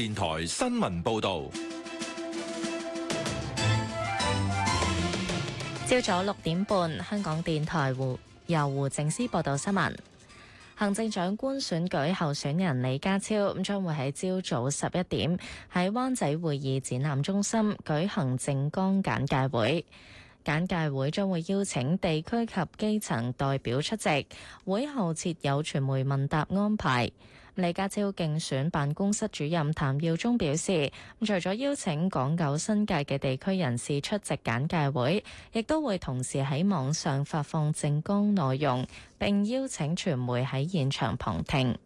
電台新聞報道。朝早六點半，香港電台胡由胡正思報道新聞。行政長官選舉候選人李家超咁，將會喺朝早十一點喺灣仔會議展覽中心舉行政綱簡介會。簡介會將會邀請地區及基層代表出席，會後設有傳媒問答安排。李家超競選辦公室主任譚耀宗表示，除咗邀請港九新界嘅地區人士出席簡介會，亦都會同時喺網上發放政綱內容，並邀請傳媒喺現場旁聽。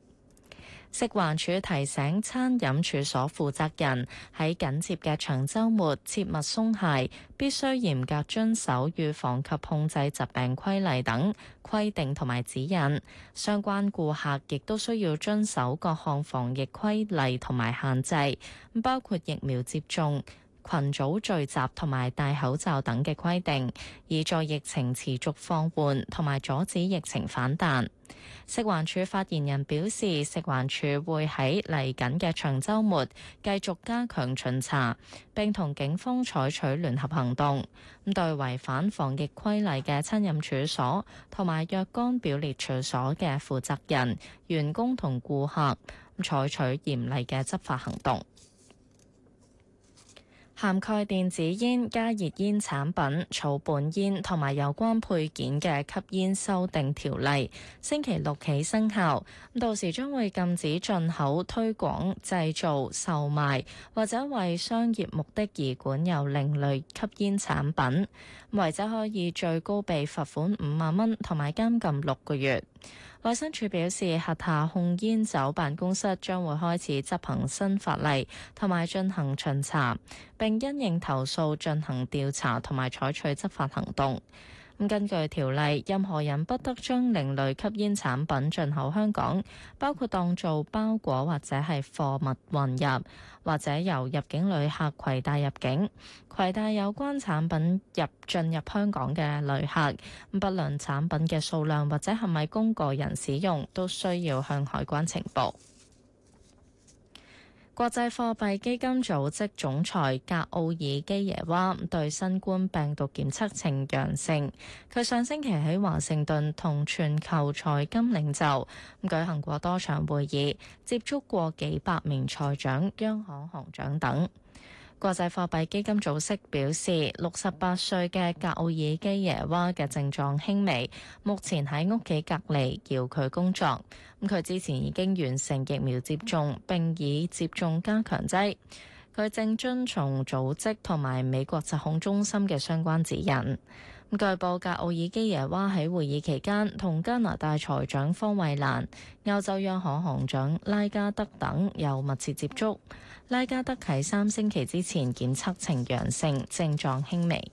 食環署提醒餐飲處所負責人喺緊接嘅長週末切勿鬆懈，必須嚴格遵守預防及控制疾病規例等規定同埋指引。相關顧客亦都需要遵守各項防疫規例同埋限制，包括疫苗接種，群組聚集同埋戴口罩等嘅規定，以助疫情持續放緩同埋阻止疫情反彈。食環署發言人表示，食環署會喺嚟緊嘅長週末繼續加強巡查，並同警方採取聯合行動。咁對違反防疫規例嘅餐飲處所同埋若干表列處所嘅負責人、員工同顧客，採取嚴厲嘅執法行動。涵蓋電子煙、加熱煙產品、草本煙同埋有關配件嘅吸煙修訂條例，星期六起生效。到時將會禁止進口、推廣、製造、售賣或者為商業目的而管有另類吸煙產品。違者可以最高被罰款五萬蚊，同埋監禁六個月。衛生署表示，轄下控煙酒辦公室將會開始執行新法例，同埋進行巡查，並因應投訴進行調查同埋採取執法行動。根據條例，任何人不得將另類吸煙產品進口香港，包括當做包裹或者係貨物運入，或者由入境旅客攜帶入境。攜帶有關產品入進入香港嘅旅客，不論產品嘅數量或者係咪供個人使用，都需要向海關呈報。國際貨幣基金組織總裁格奧爾基耶娃對新冠病毒檢測呈陽性。佢上星期喺華盛頓同全球財金領袖咁舉行過多場會議，接觸過幾百名財長、央行行長等。國際貨幣基金組織表示，六十八歲嘅格奧爾基耶娃嘅症狀輕微，目前喺屋企隔離，遙距工作。咁佢之前已經完成疫苗接種，並已接種加強劑。佢正遵從組織同埋美國疾控中心嘅相關指引。據報，格奧爾基耶娃喺會議期間同加拿大財長方慧蘭、歐洲央行行長拉加德等有密切接觸。拉加德喺三星期之前檢測呈陽性，症狀輕微。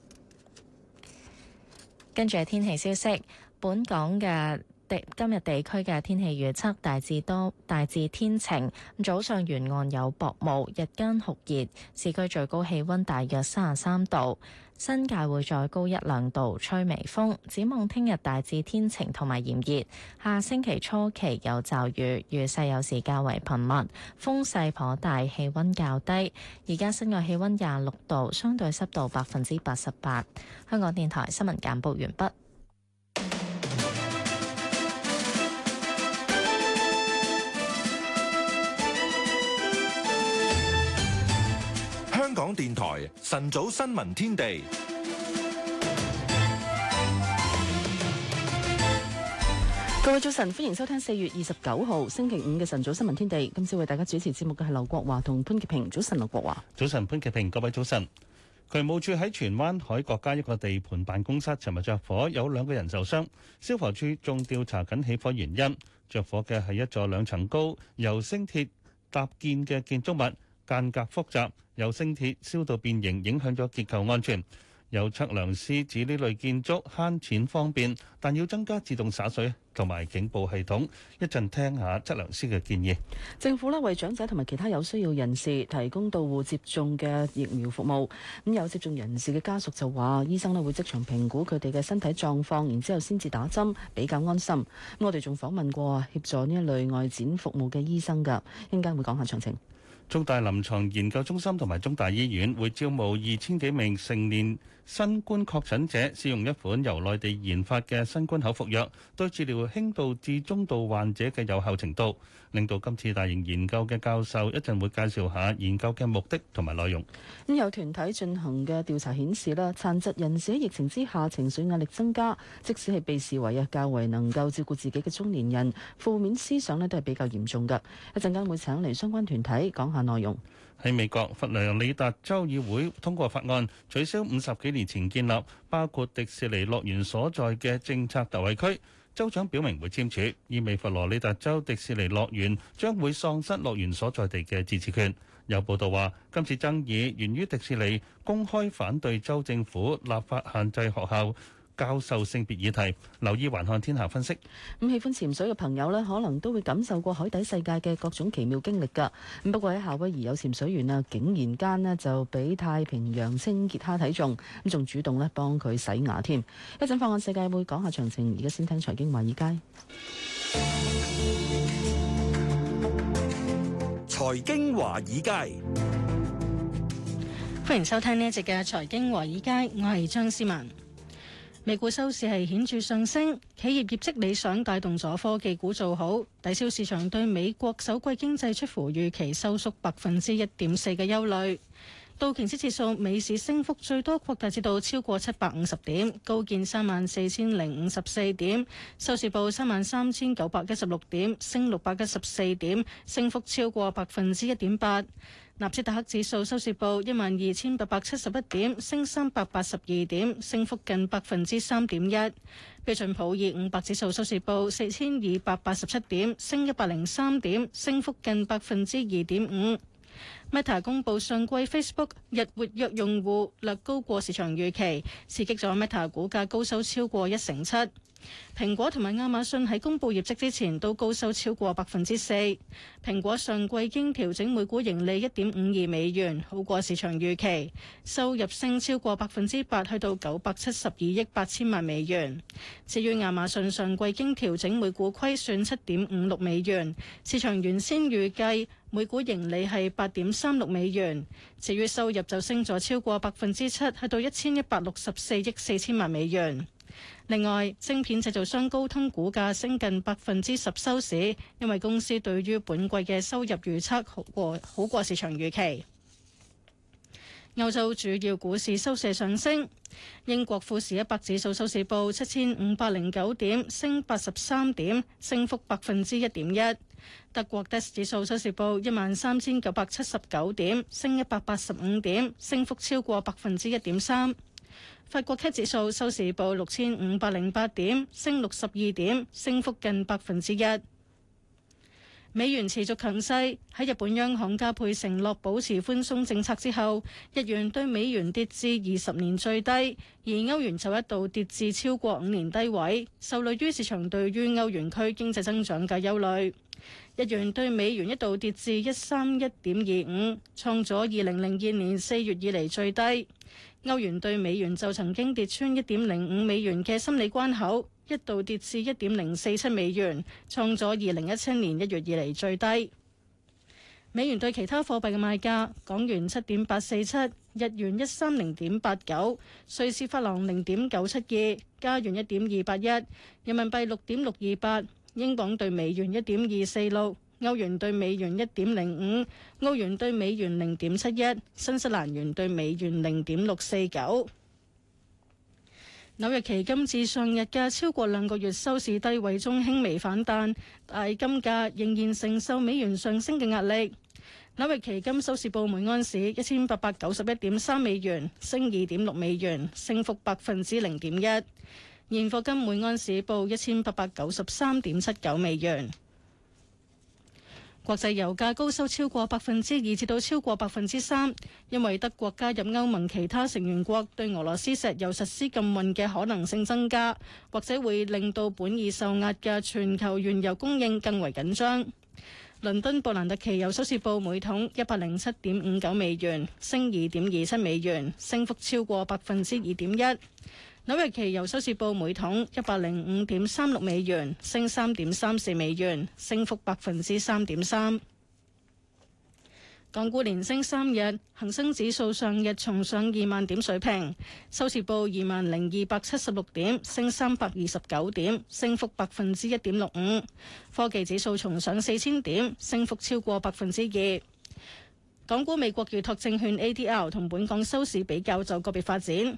跟住係天氣消息，本港嘅地今日地區嘅天氣預測大致多大致天晴，早上沿岸有薄霧，日間酷熱，市區最高氣温大約三十三度。新界會再高一兩度，吹微風。展望聽日大致天晴同埋炎熱，下星期初期有驟雨，雨勢有時較為頻密，風勢頗大，氣温較低。而家室外氣温廿六度，相對濕度百分之八十八。香港電台新聞簡報完畢。港電台晨早新聞天地，各位早晨，歡迎收聽四月二十九號星期五嘅晨早新聞天地。今次為大家主持節目嘅係劉國華同潘潔平。早晨，劉國華，早晨，潘潔平，各位早晨。渠務處喺荃灣海角街一個地盤辦公室尋日着火，有兩個人受傷，消防處仲調查緊起火原因。着火嘅係一座兩層高由星鐵搭建嘅建築物。間隔複雜，有星鐵燒到變形，影響咗結構安全。有測量師指呢類建築慳錢方便，但要增加自動灑水同埋警報系統。聽聽一陣聽下測量師嘅建議。政府咧為長者同埋其他有需要人士提供到戶接種嘅疫苗服務。咁有接種人士嘅家屬就話，醫生咧會即場評估佢哋嘅身體狀況，然之後先至打針，比較安心。我哋仲訪問過協助呢一類外展服務嘅醫生噶，陣間會講下詳情。中大臨床研究中心同埋中大醫院會招募二千幾名成年新冠確診者，試用一款由內地研發嘅新冠口服藥，對治療輕度至中度患者嘅有效程度。領導今次大型研究嘅教授一陣會介紹下研究嘅目的同埋內容。咁有團體進行嘅調查顯示咧，殘疾人士喺疫情之下情緒壓力增加，即使係被視為啊較為能夠照顧自己嘅中年人，負面思想咧都係比較嚴重嘅。一陣間會請嚟相關團體講下內容。喺美國佛羅里達州議會通過法案，取消五十幾年前建立，包括迪士尼樂園所在嘅政策特惠區。州長表明會簽署，意味佛羅里達州迪士尼樂園將會喪失樂園所在地嘅自治權。有報道話，今次爭議源於迪士尼公開反對州政府立法限制學校。教授性別議題，留意環看天下分析。咁喜歡潛水嘅朋友呢，可能都會感受過海底世界嘅各種奇妙經歷㗎。咁不過喺夏威夷有潛水員啊，竟然間呢就俾太平洋清潔蝦睇中，咁仲主動呢幫佢洗牙添。一陣放眼世界會講下詳情，而家先聽財經華爾街。財經華爾街，歡迎收聽呢一節嘅財經華爾街，我係張思文。美股收市係顯著上升，企業業績理想帶動咗科技股做好，抵消市場對美國首季經濟出乎預期收縮百分之一點四嘅憂慮。道瓊斯指數美市升幅最多擴大至到超過七百五十點，高見三萬四千零五十四點，收市報三萬三千九百一十六點，升六百一十四點，升幅超過百分之一點八。納斯達克指數收市報一萬二千八百七十一點，升三百八十二點，升幅近百分之三點一。標準普爾五百指數收市報四千二百八十七點，升一百零三點，升幅近百分之二點五。Meta 公布上季 Facebook 日活躍用戶略高過市場預期，刺激咗 Meta 股價高收超過一成七。蘋果同埋亞馬遜喺公布業績之前都高收超過百分之四。蘋果上季經調整每股盈利一點五二美元，好過市場預期，收入升超過百分之八，去到九百七十二億八千萬美元。至於亞馬遜上季經調整每股虧損七點五六美元，市場原先預計每股盈利係八點三六美元，至於收入就升咗超過百分之七，去到一千一百六十四億四千萬美元。另外，晶片製造商高通股價升近百分之十收市，因為公司對於本季嘅收入預測好過好過市場預期。歐洲主要股市收市上升，英國富時一百指數收市報七千五百零九點，升八十三點，升幅百分之一點一。德國 DAX 指數收市報一萬三千九百七十九點，升一百八十五點，升幅超過百分之一點三。法國 CAC 指數收市報六千五百零八點，升六十二點，升幅近百分之一。美元持續強勢，喺日本央行加倍承諾保持寬鬆政策之後，日元對美元跌至二十年最低，而歐元就一度跌至超過五年低位，受累於市場對於歐元區經濟增長嘅憂慮。日元對美元一度跌至一三一點二五，創咗二零零二年四月以嚟最低。歐元兌美元就曾經跌穿一點零五美元嘅心理關口，一度跌至一點零四七美元，創咗二零一七年一月以嚟最低。美元對其他貨幣嘅賣價：港元七點八四七，日元一三零點八九，瑞士法郎零點九七二，加元一點二八一，人民幣六點六二八，英鎊兌美元一點二四六。歐元對美元一點零五，歐元對美元零點七一，新西蘭元對美元零點六四九。紐約期金自上日嘅超過兩個月收市低位中輕微反彈，但金價仍然承受美元上升嘅壓力。紐約期金收市報每盎司一千八百九十一點三美元，升二點六美元，升幅百分之零點一。現貨金每盎司報一千八百九十三點七九美元。國際油價高收超過百分之二至到超過百分之三，因為德國加入歐盟其他成員國對俄羅斯石油實施禁運嘅可能性增加，或者會令到本已受壓嘅全球原油供應更為緊張。倫敦布蘭特旗油首市報每桶一百零七點五九美元，升二點二七美元，升幅超過百分之二點一。紐約期油收市報每桶一百零五點三六美元，升三點三四美元，升幅百分之三點三。港股連升三日，恒生指數上日重上二萬點水平，收市報二萬零二百七十六點，升三百二十九點，升幅百分之一點六五。科技指數重上四千點，升幅超過百分之二。港股美國預託證券 ATL 同本港收市比較就個別發展。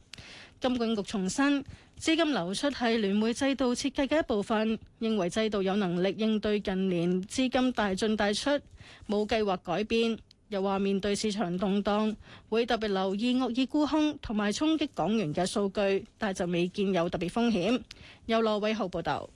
金管局重申，資金流出係聯匯制度設計嘅一部分，認為制度有能力應對近年資金大進大出，冇計劃改變。又話面對市場動盪，會特別留意惡意沽空同埋衝擊港元嘅數據，但就未見有特別風險。由羅偉浩報道。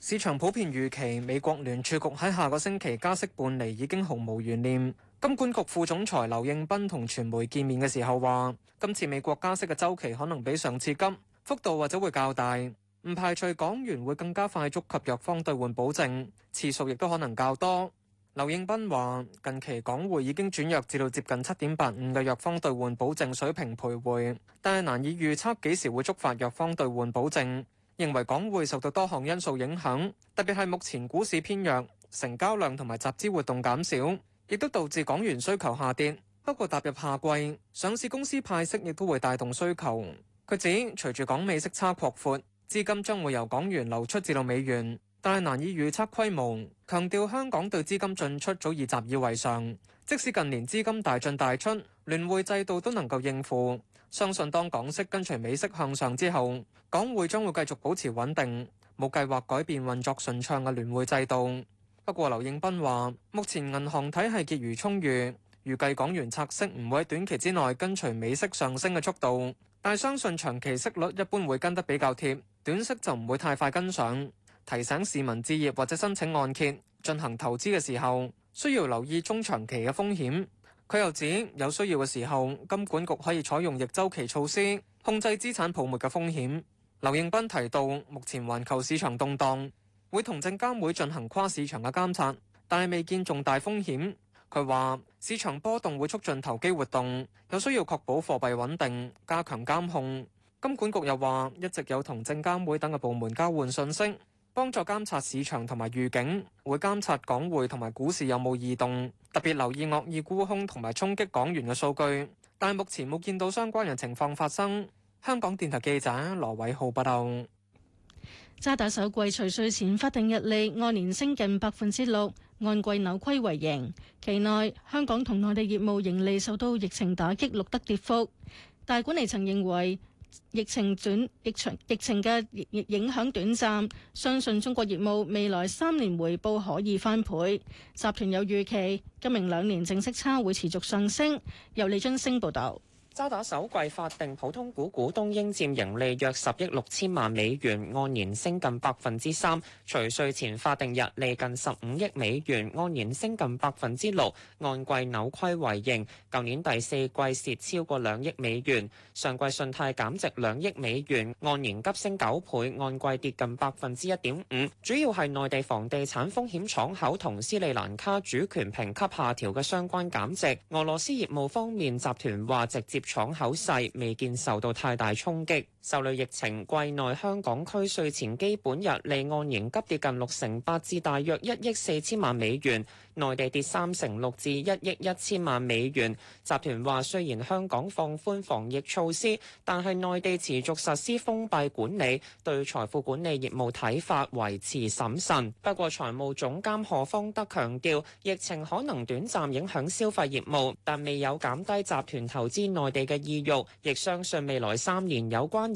市場普遍預期美國聯儲局喺下個星期加息半釐已經毫無懸念。金管局副總裁劉應斌同傳媒見面嘅時候話，今次美國加息嘅週期可能比上次急，幅度或者會較大，唔排除港元會更加快觸及弱方兌換保證次數，亦都可能較多。劉應斌話，近期港匯已經轉弱至到接近七點八五嘅弱方兌換保證水平徘徊，但係難以預測幾時會觸發弱方兌換保證，認為港匯受到多項因素影響，特別係目前股市偏弱，成交量同埋集資活動減少。亦都導致港元需求下跌。不過踏入夏季，上市公司派息亦都會帶動需求。佢指隨住港美息差擴闊，資金將會由港元流出至到美元，但係難以預測規模。強調香港對資金進出早已習以為常，即使近年資金大進大出，聯匯制度都能夠應付。相信當港息跟隨美息向上之後，港匯將會繼續保持穩定，冇計劃改變運作順暢嘅聯匯制度。不過，劉應斌話：目前銀行體系結餘充裕，預計港元拆息唔會喺短期之內跟隨美息上升嘅速度，但相信長期息率一般會跟得比較貼，短息就唔會太快跟上。提醒市民置業或者申請按揭進行投資嘅時候，需要留意中長期嘅風險。佢又指，有需要嘅時候，金管局可以採用逆週期措施，控制資產泡沫嘅風險。劉應斌提到，目前環球市場動盪。會同證監會進行跨市場嘅監察，但係未見重大風險。佢話市場波動會促進投機活動，有需要確保貨幣穩定，加強監控。金管局又話一直有同證監會等嘅部門交換信息，幫助監察市場同埋預警，會監察港匯同埋股市有冇異動，特別留意惡意沽空同埋衝擊港元嘅數據，但係目前冇見到相關嘅情況發生。香港電台記者羅偉浩報道。渣打首季除稅前法定溢利按年升近百分之六，按季扭虧為盈。期內香港同內地業務盈利受到疫情打擊錄得跌幅，但管理層認為疫情轉疫情疫情嘅影響短暫，相信中國業務未來三年回報可以翻倍。集團有預期今明兩年淨息差會持續上升。由李津聲報道。渣打首季法定普通股股東應佔盈利約十億六千萬美元，按年升近百分之三；除稅前法定溢利近十五億美元，按年升近百分之六。按季扭虧為盈，舊年第四季蝕超過兩億美元。上季信貸減值兩億美元，按年急升九倍，按季跌近百分之一點五。主要係內地房地產風險敞口同斯里蘭卡主權評級下調嘅相關減值。俄羅斯業務方面，集團話直接，廠口細，未見受到太大衝擊。受累疫情，季內香港區稅前基本日利按年急跌近六成八至大約一億四千萬美元；內地跌三成六至一億一千萬美元。集團話雖然香港放寬防疫措施，但係內地持續實施封閉管理，對財富管理業務睇法維持審慎。不過財務總監何方德強調疫情可能短暫影響消費業務，但未有減低集團投資內地嘅意欲，亦相信未來三年有關。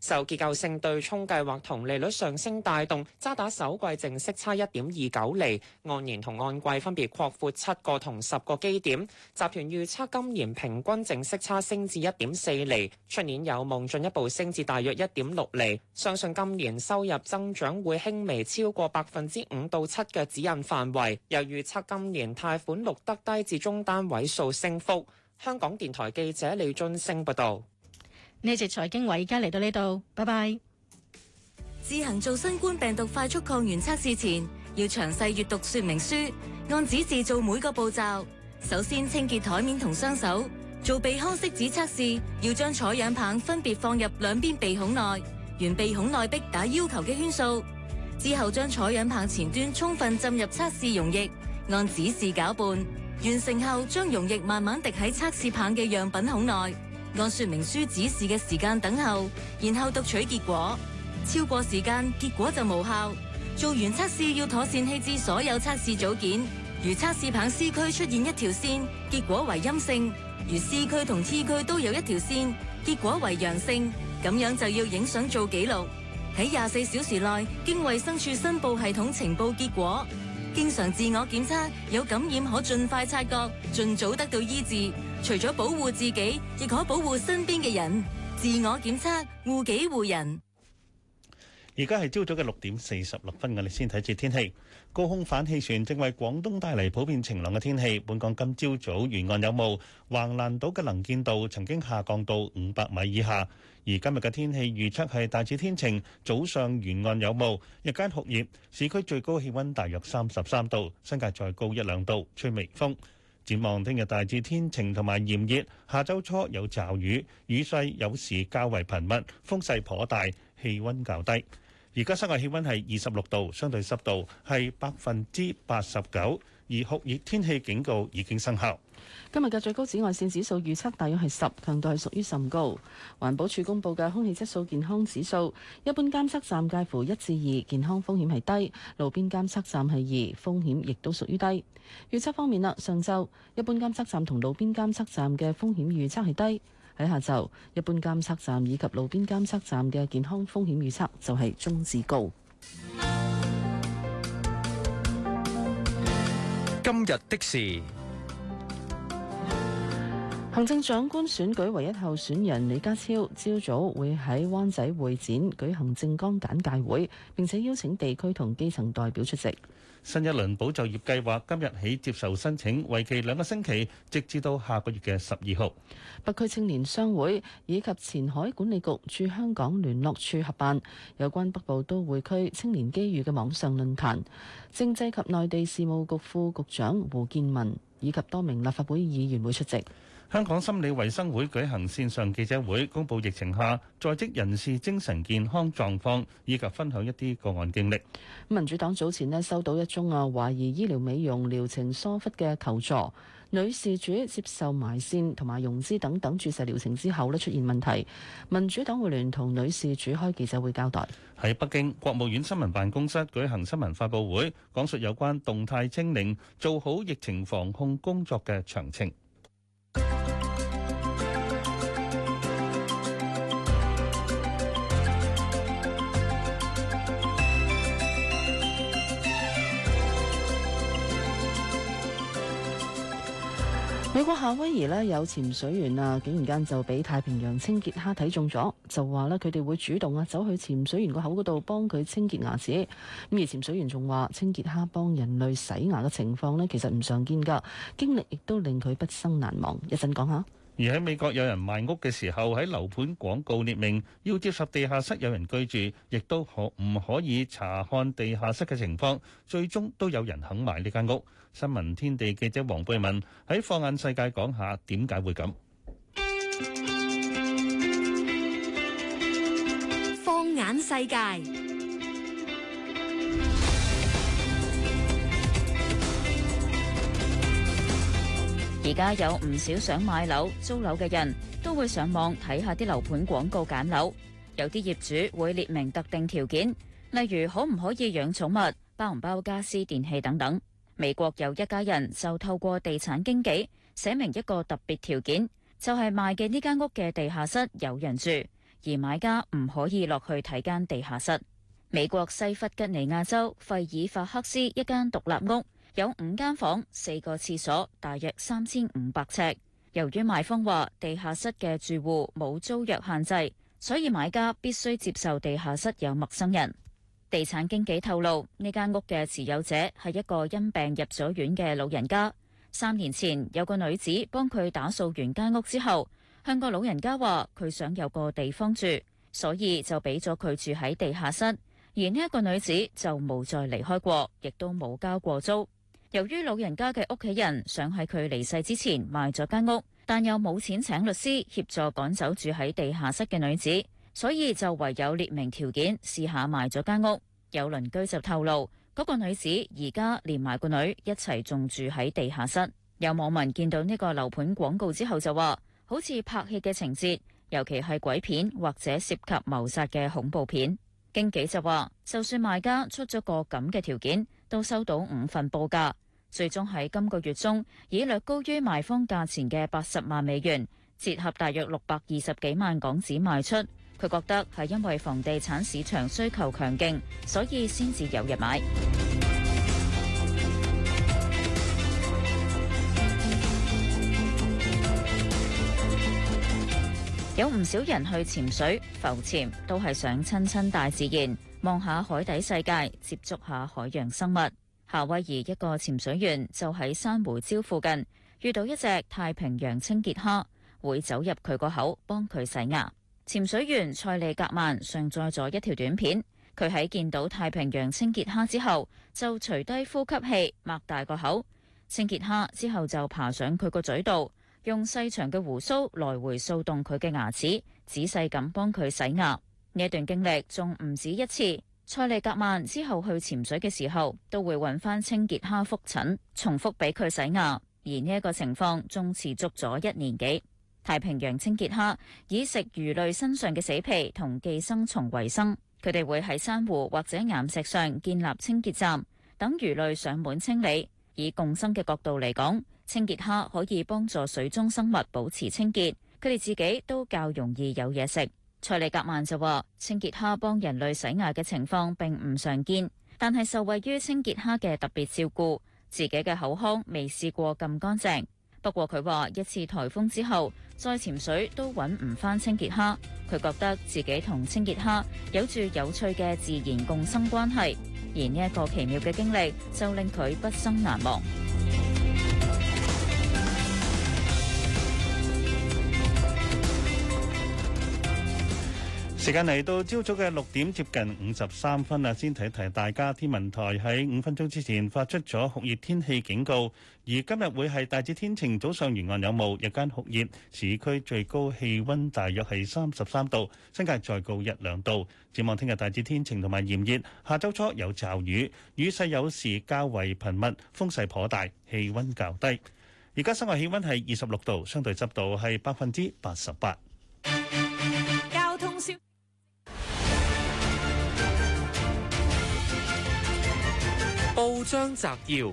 受結構性對沖計劃同利率上升帶動，渣打首季淨息差一點二九厘，按年同按季分別擴闊七個同十個基點。集團預測今年平均淨息差升至一點四厘，出年有望進一步升至大約一點六厘。相信今年收入增長會輕微超過百分之五到七嘅指引範圍。又預測今年貸款錄得低至中單位數升幅。香港電台記者李俊升報道。呢節財經話，而家嚟到呢度，拜拜。自行做新冠病毒快速抗原測試前，要詳細閱讀說明書，按指示做每個步驟。首先清潔台面同雙手。做鼻腔拭子測試，要將採樣棒分別放入兩邊鼻孔內，沿鼻孔內壁打要求嘅圈數。之後將採樣棒前端充分浸入測試溶液，按指示攪拌。完成後，將溶液慢慢滴喺測試棒嘅樣品孔內。按說明書指示嘅時間等候，然後讀取結果。超過時間，結果就無效。做完測試要妥善棄置所有測試組件。如測試棒 C 區出現一條線，結果為陰性；如 C 區同 T 區都有一條線，結果為陽性。咁樣就要影相做記錄。喺廿四小時內經衛生署申報系統呈報結果。經常自我檢測，有感染可盡快察覺，盡早得到醫治。除咗保護自己，亦可保護身邊嘅人。自我檢測，護己護人。而家係朝早嘅六點四十六分，我哋先睇次天氣。高空反氣旋正為廣東帶嚟普遍晴朗嘅天氣。本港今朝早沿岸有霧，橫瀾島嘅能見度曾經下降到五百米以下。而今日嘅天氣預測係大致天晴，早上沿岸有霧，日間酷熱，市區最高氣温大約三十三度，新界再高一兩度，吹微風。展望聽日大致天晴同埋炎熱，下周初有驟雨，雨勢有時較為頻密，風勢頗大，氣溫較低。而家室外氣溫係二十六度，相對濕度係百分之八十九。而酷熱天氣警告已經生效。今日嘅最高紫外線指數預測大約係十，強度係屬於甚高。環保署公布嘅空氣質素健康指數，一般監測站介乎一至二，健康風險係低；路邊監測站係二，風險亦都屬於低。預測方面啦，上晝一般監測站同路邊監測站嘅風險預測係低；喺下晝，一般監測站以及路邊監測站嘅健康風險預測就係中至高。今日的事，行政長官選舉唯一候選人李家超，朝早會喺灣仔會展舉行政綱簡介會，並且邀請地區同基層代表出席。新一輪保就業計劃今日起接受申請，為期兩個星期，直至到下個月嘅十二號。北區青年商會以及前海管理局駐香港聯絡處合辦有關北部都會區青年機遇嘅網上論壇，政制及內地事務局副局長胡建文以及多名立法會議員會出席。香港心理衞生會舉行線上記者會，公佈疫情下在職人士精神健康狀況，以及分享一啲個案經歷。民主黨早前呢收到一宗啊，懷疑醫療美容療程疏忽嘅求助。女事主接受埋線同埋溶脂等等注射療程之後呢出現問題。民主黨會聯同女事主開記者會交代。喺北京，國務院新聞辦公室舉行新聞發佈會，講述有關動態清零、做好疫情防控工作嘅詳情。不過夏威夷咧有潛水員啊，竟然間就俾太平洋清潔蝦睇中咗，就話咧佢哋會主動啊走去潛水員個口嗰度幫佢清潔牙齒。咁而潛水員仲話，清潔蝦幫人類洗牙嘅情況咧，其實唔常見㗎，經歷亦都令佢畢生難忘。一陣講下。而喺美國有人賣屋嘅時候，喺樓盤廣告列明要接受地下室有人居住，亦都可唔可以查看地下室嘅情況，最終都有人肯買呢間屋。新聞天地記者黃貝文喺放眼世界講下點解會咁。放眼世界，而家有唔少想買樓、租樓嘅人都會上網睇下啲樓盤廣告揀樓。有啲業主會列明特定條件，例如可唔可以養寵物、包唔包家私、電器等等。美國有一家人就透過地產經紀寫明一個特別條件，就係、是、賣嘅呢間屋嘅地下室有人住，而買家唔可以落去睇間地下室。美國西弗吉尼亞州費爾法克斯一間獨立屋有五間房、四個廁所，大約三千五百尺。由於賣方話地下室嘅住戶冇租約限制，所以買家必須接受地下室有陌生人。地產經紀透露，呢間屋嘅持有者係一個因病入咗院嘅老人家。三年前，有個女子幫佢打掃完間屋之後，向個老人家話佢想有個地方住，所以就俾咗佢住喺地下室。而呢一個女子就冇再離開過，亦都冇交過租。由於老人家嘅屋企人想喺佢離世之前賣咗間屋，但又冇錢請律師協助趕走住喺地下室嘅女子。所以就唯有列明條件，試下賣咗間屋。有鄰居就透露，嗰個女子而家連埋個女一齊，仲住喺地下室。有網民見到呢個樓盤廣告之後就話，好似拍戲嘅情節，尤其係鬼片或者涉及謀殺嘅恐怖片。經紀就話，就算賣家出咗個咁嘅條件，都收到五份報價。最終喺今個月中，以略高於賣方價錢嘅八十萬美元，折合大約六百二十幾萬港紙賣出。佢覺得係因為房地產市場需求強勁，所以先至有人買。 有唔少人去潛水浮潛，都係想親親大自然，望下海底世界，接觸下海洋生物。夏威夷一個潛水員就喺珊瑚礁附近遇到一隻太平洋清潔蝦，會走入佢個口幫佢洗牙。潛水員塞利格曼上載咗一條短片，佢喺見到太平洋清潔蝦之後，就除低呼吸器，擘大個口，清潔蝦之後就爬上佢個嘴度，用細長嘅鬍鬚來回掃動佢嘅牙齒，仔細咁幫佢洗牙。呢段經歷仲唔止一次，塞利格曼之後去潛水嘅時候，都會揾翻清潔蝦複診，重複俾佢洗牙，而呢一個情況仲持續咗一年幾。太平洋清潔蝦以食魚類身上嘅死皮同寄生蟲為生，佢哋會喺珊瑚或者岩石上建立清潔站，等魚類上門清理。以共生嘅角度嚟講，清潔蝦可以幫助水中生物保持清潔，佢哋自己都較容易有嘢食。蔡利格曼就話，清潔蝦幫人類洗牙嘅情況並唔常見，但係受惠於清潔蝦嘅特別照顧，自己嘅口腔未試過咁乾淨。不過佢話：一次颱風之後，再潛水都揾唔返清潔蝦。佢覺得自己同清潔蝦有住有趣嘅自然共生關係，而呢一個奇妙嘅經歷就令佢畢生難忘。時間嚟到朝早嘅六點接近五十三分啦，先提提大家。天文台喺五分鐘之前發出咗酷熱天氣警告，而今日會係大致天晴，早上沿岸有霧，日間酷熱，市區最高氣温大約係三十三度，新界再高一兩度。展望聽日大致天晴同埋炎熱，下週初有驟雨，雨勢有時較為頻密，風勢頗大，氣温較低。而家室外氣温係二十六度，相對濕度係百分之八十八。報章摘要，《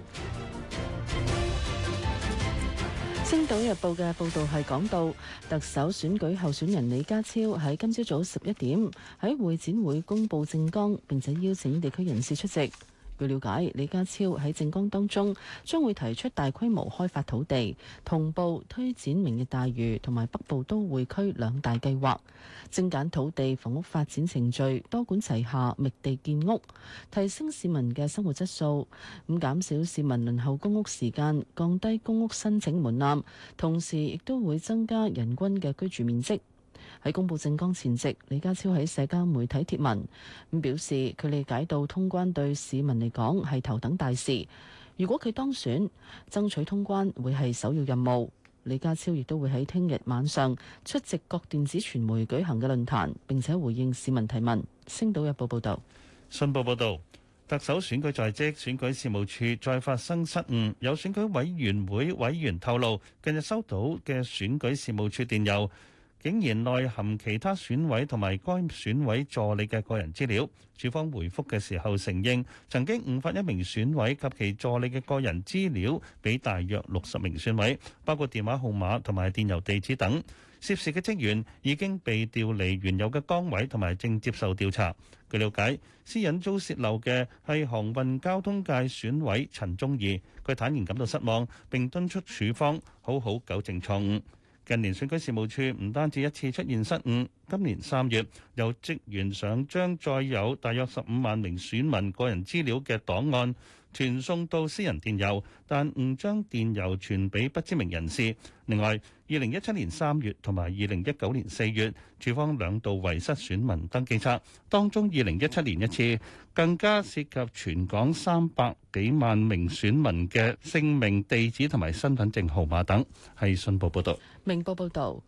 星島日報》嘅報道係講到，特首選舉候選人李家超喺今朝早十一點喺會展會公布政綱，並且邀請地區人士出席。據了解，李家超喺政綱當中將會提出大規模開發土地，同步推展明日大嶼同埋北部都會區兩大計劃，精簡土地房屋發展程序，多管齊下覓地建屋，提升市民嘅生活質素。咁減少市民輪候公屋時間，降低公屋申請門檻，同時亦都會增加人均嘅居住面積。喺公布政綱前夕，李家超喺社交媒體貼文咁表示，佢理解到通關對市民嚟講係頭等大事。如果佢當選，爭取通關會係首要任務。李家超亦都會喺聽日晚上出席各電子傳媒舉行嘅論壇，並且回應市民提問。星島日報報道，信報報道，特首選舉在即，選舉事務處再發生失誤，有選舉委員會委員透露，近日收到嘅選舉事務處電郵。竟然內含其他選委同埋該選委助理嘅個人資料，署方回覆嘅時候承認曾經誤發一名選委及其助理嘅個人資料俾大約六十名選委，包括電話號碼同埋電郵地址等。涉事嘅職員已經被調離原有嘅崗位，同埋正接受調查。據了解，私隱遭泄漏嘅係航運交通界選委陳宗義，佢坦言感到失望，並敦促署方好好糾正錯誤。近年選舉事務處唔單止一次出現失誤，今年三月有職員想將再有大約十五萬名選民個人資料嘅檔案。傳送到私人電郵，但唔將電郵傳俾不知名人士。另外，二零一七年三月同埋二零一九年四月，處方兩度遺失選民登記冊，當中二零一七年一次，更加涉及全港三百幾萬名選民嘅姓名、地址同埋身份證號碼等。係信報報道。明報報導。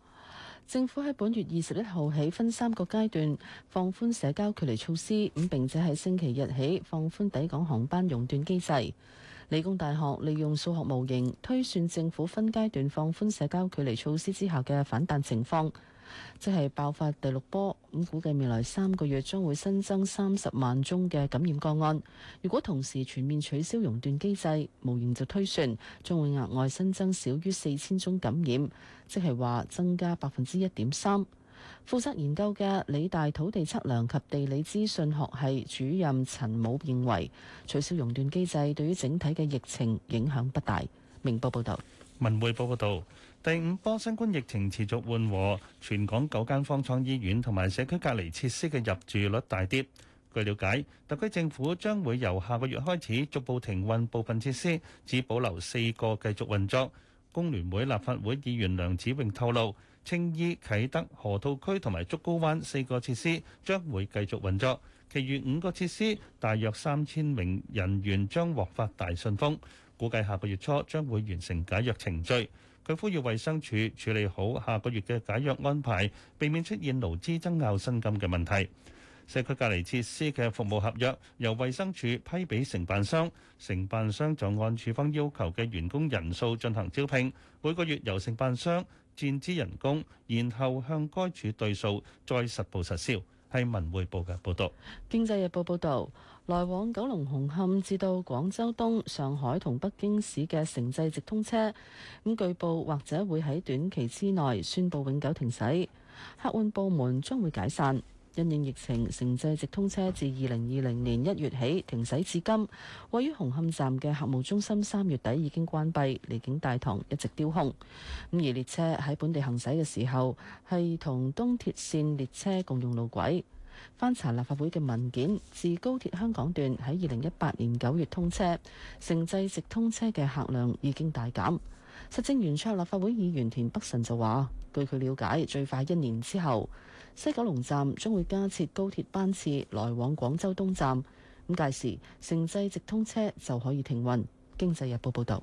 政府喺本月二十一號起分三個階段放寬社交距離措施，咁並且喺星期日起放寬抵港航班熔斷機制。理工大學利用數學模型推算政府分階段放寬社交距離措施之下嘅反彈情況。即係爆發第六波，咁估計未來三個月將會新增三十萬宗嘅感染個案。如果同時全面取消熔斷機制，模型就推算將會額外新增少於四千宗感染，即係話增加百分之一點三。負責研究嘅理大土地測量及地理資訊學系主任陳武認為，取消熔斷機制對於整體嘅疫情影響不大。明報報道，文匯報報道。第五波新冠疫情持續緩和，全港九間方艙醫院同埋社區隔離設施嘅入住率大跌。據了解，特區政府將會由下個月開始逐步停運部分設施，只保留四個繼續運作。工聯會立法會議員梁子穎透露，青衣、啟德、河套區同埋竹篙灣四個設施將會繼續運作，其餘五個設施大約三千名人員將獲發大信封，估計下個月初將會完成解約程序。佢呼籲衛生署處理好下個月嘅解約安排，避免出現勞資爭拗薪金嘅問題。社區隔離設施嘅服務合約由衛生署批俾承辦商，承辦商就按處方要求嘅員工人數進行招聘，每個月由承辦商墊資人工，然後向該處對數再實報實銷。係文匯報嘅報導。《經濟日報》報道。來往九龍紅磡至到廣州東、上海同北京市嘅城際直通車，咁據報或者會喺短期之內宣布永久停駛。客運部門將會解散，因應疫情，城際直通車自二零二零年一月起停駛至今。位於紅磡站嘅客務中心三月底已經關閉，離境大堂一直丟空。咁而列車喺本地行駛嘅時候，係同東鐵線列車共用路軌。翻查立法會嘅文件，自高鐵香港段喺二零一八年九月通車，城際直通車嘅客量已經大減。實政圓桌立法會議員田北辰就話，據佢了解，最快一年之後，西九龍站將會加設高鐵班次來往廣州東站，咁屆時城際直通車就可以停運。經濟日報報導，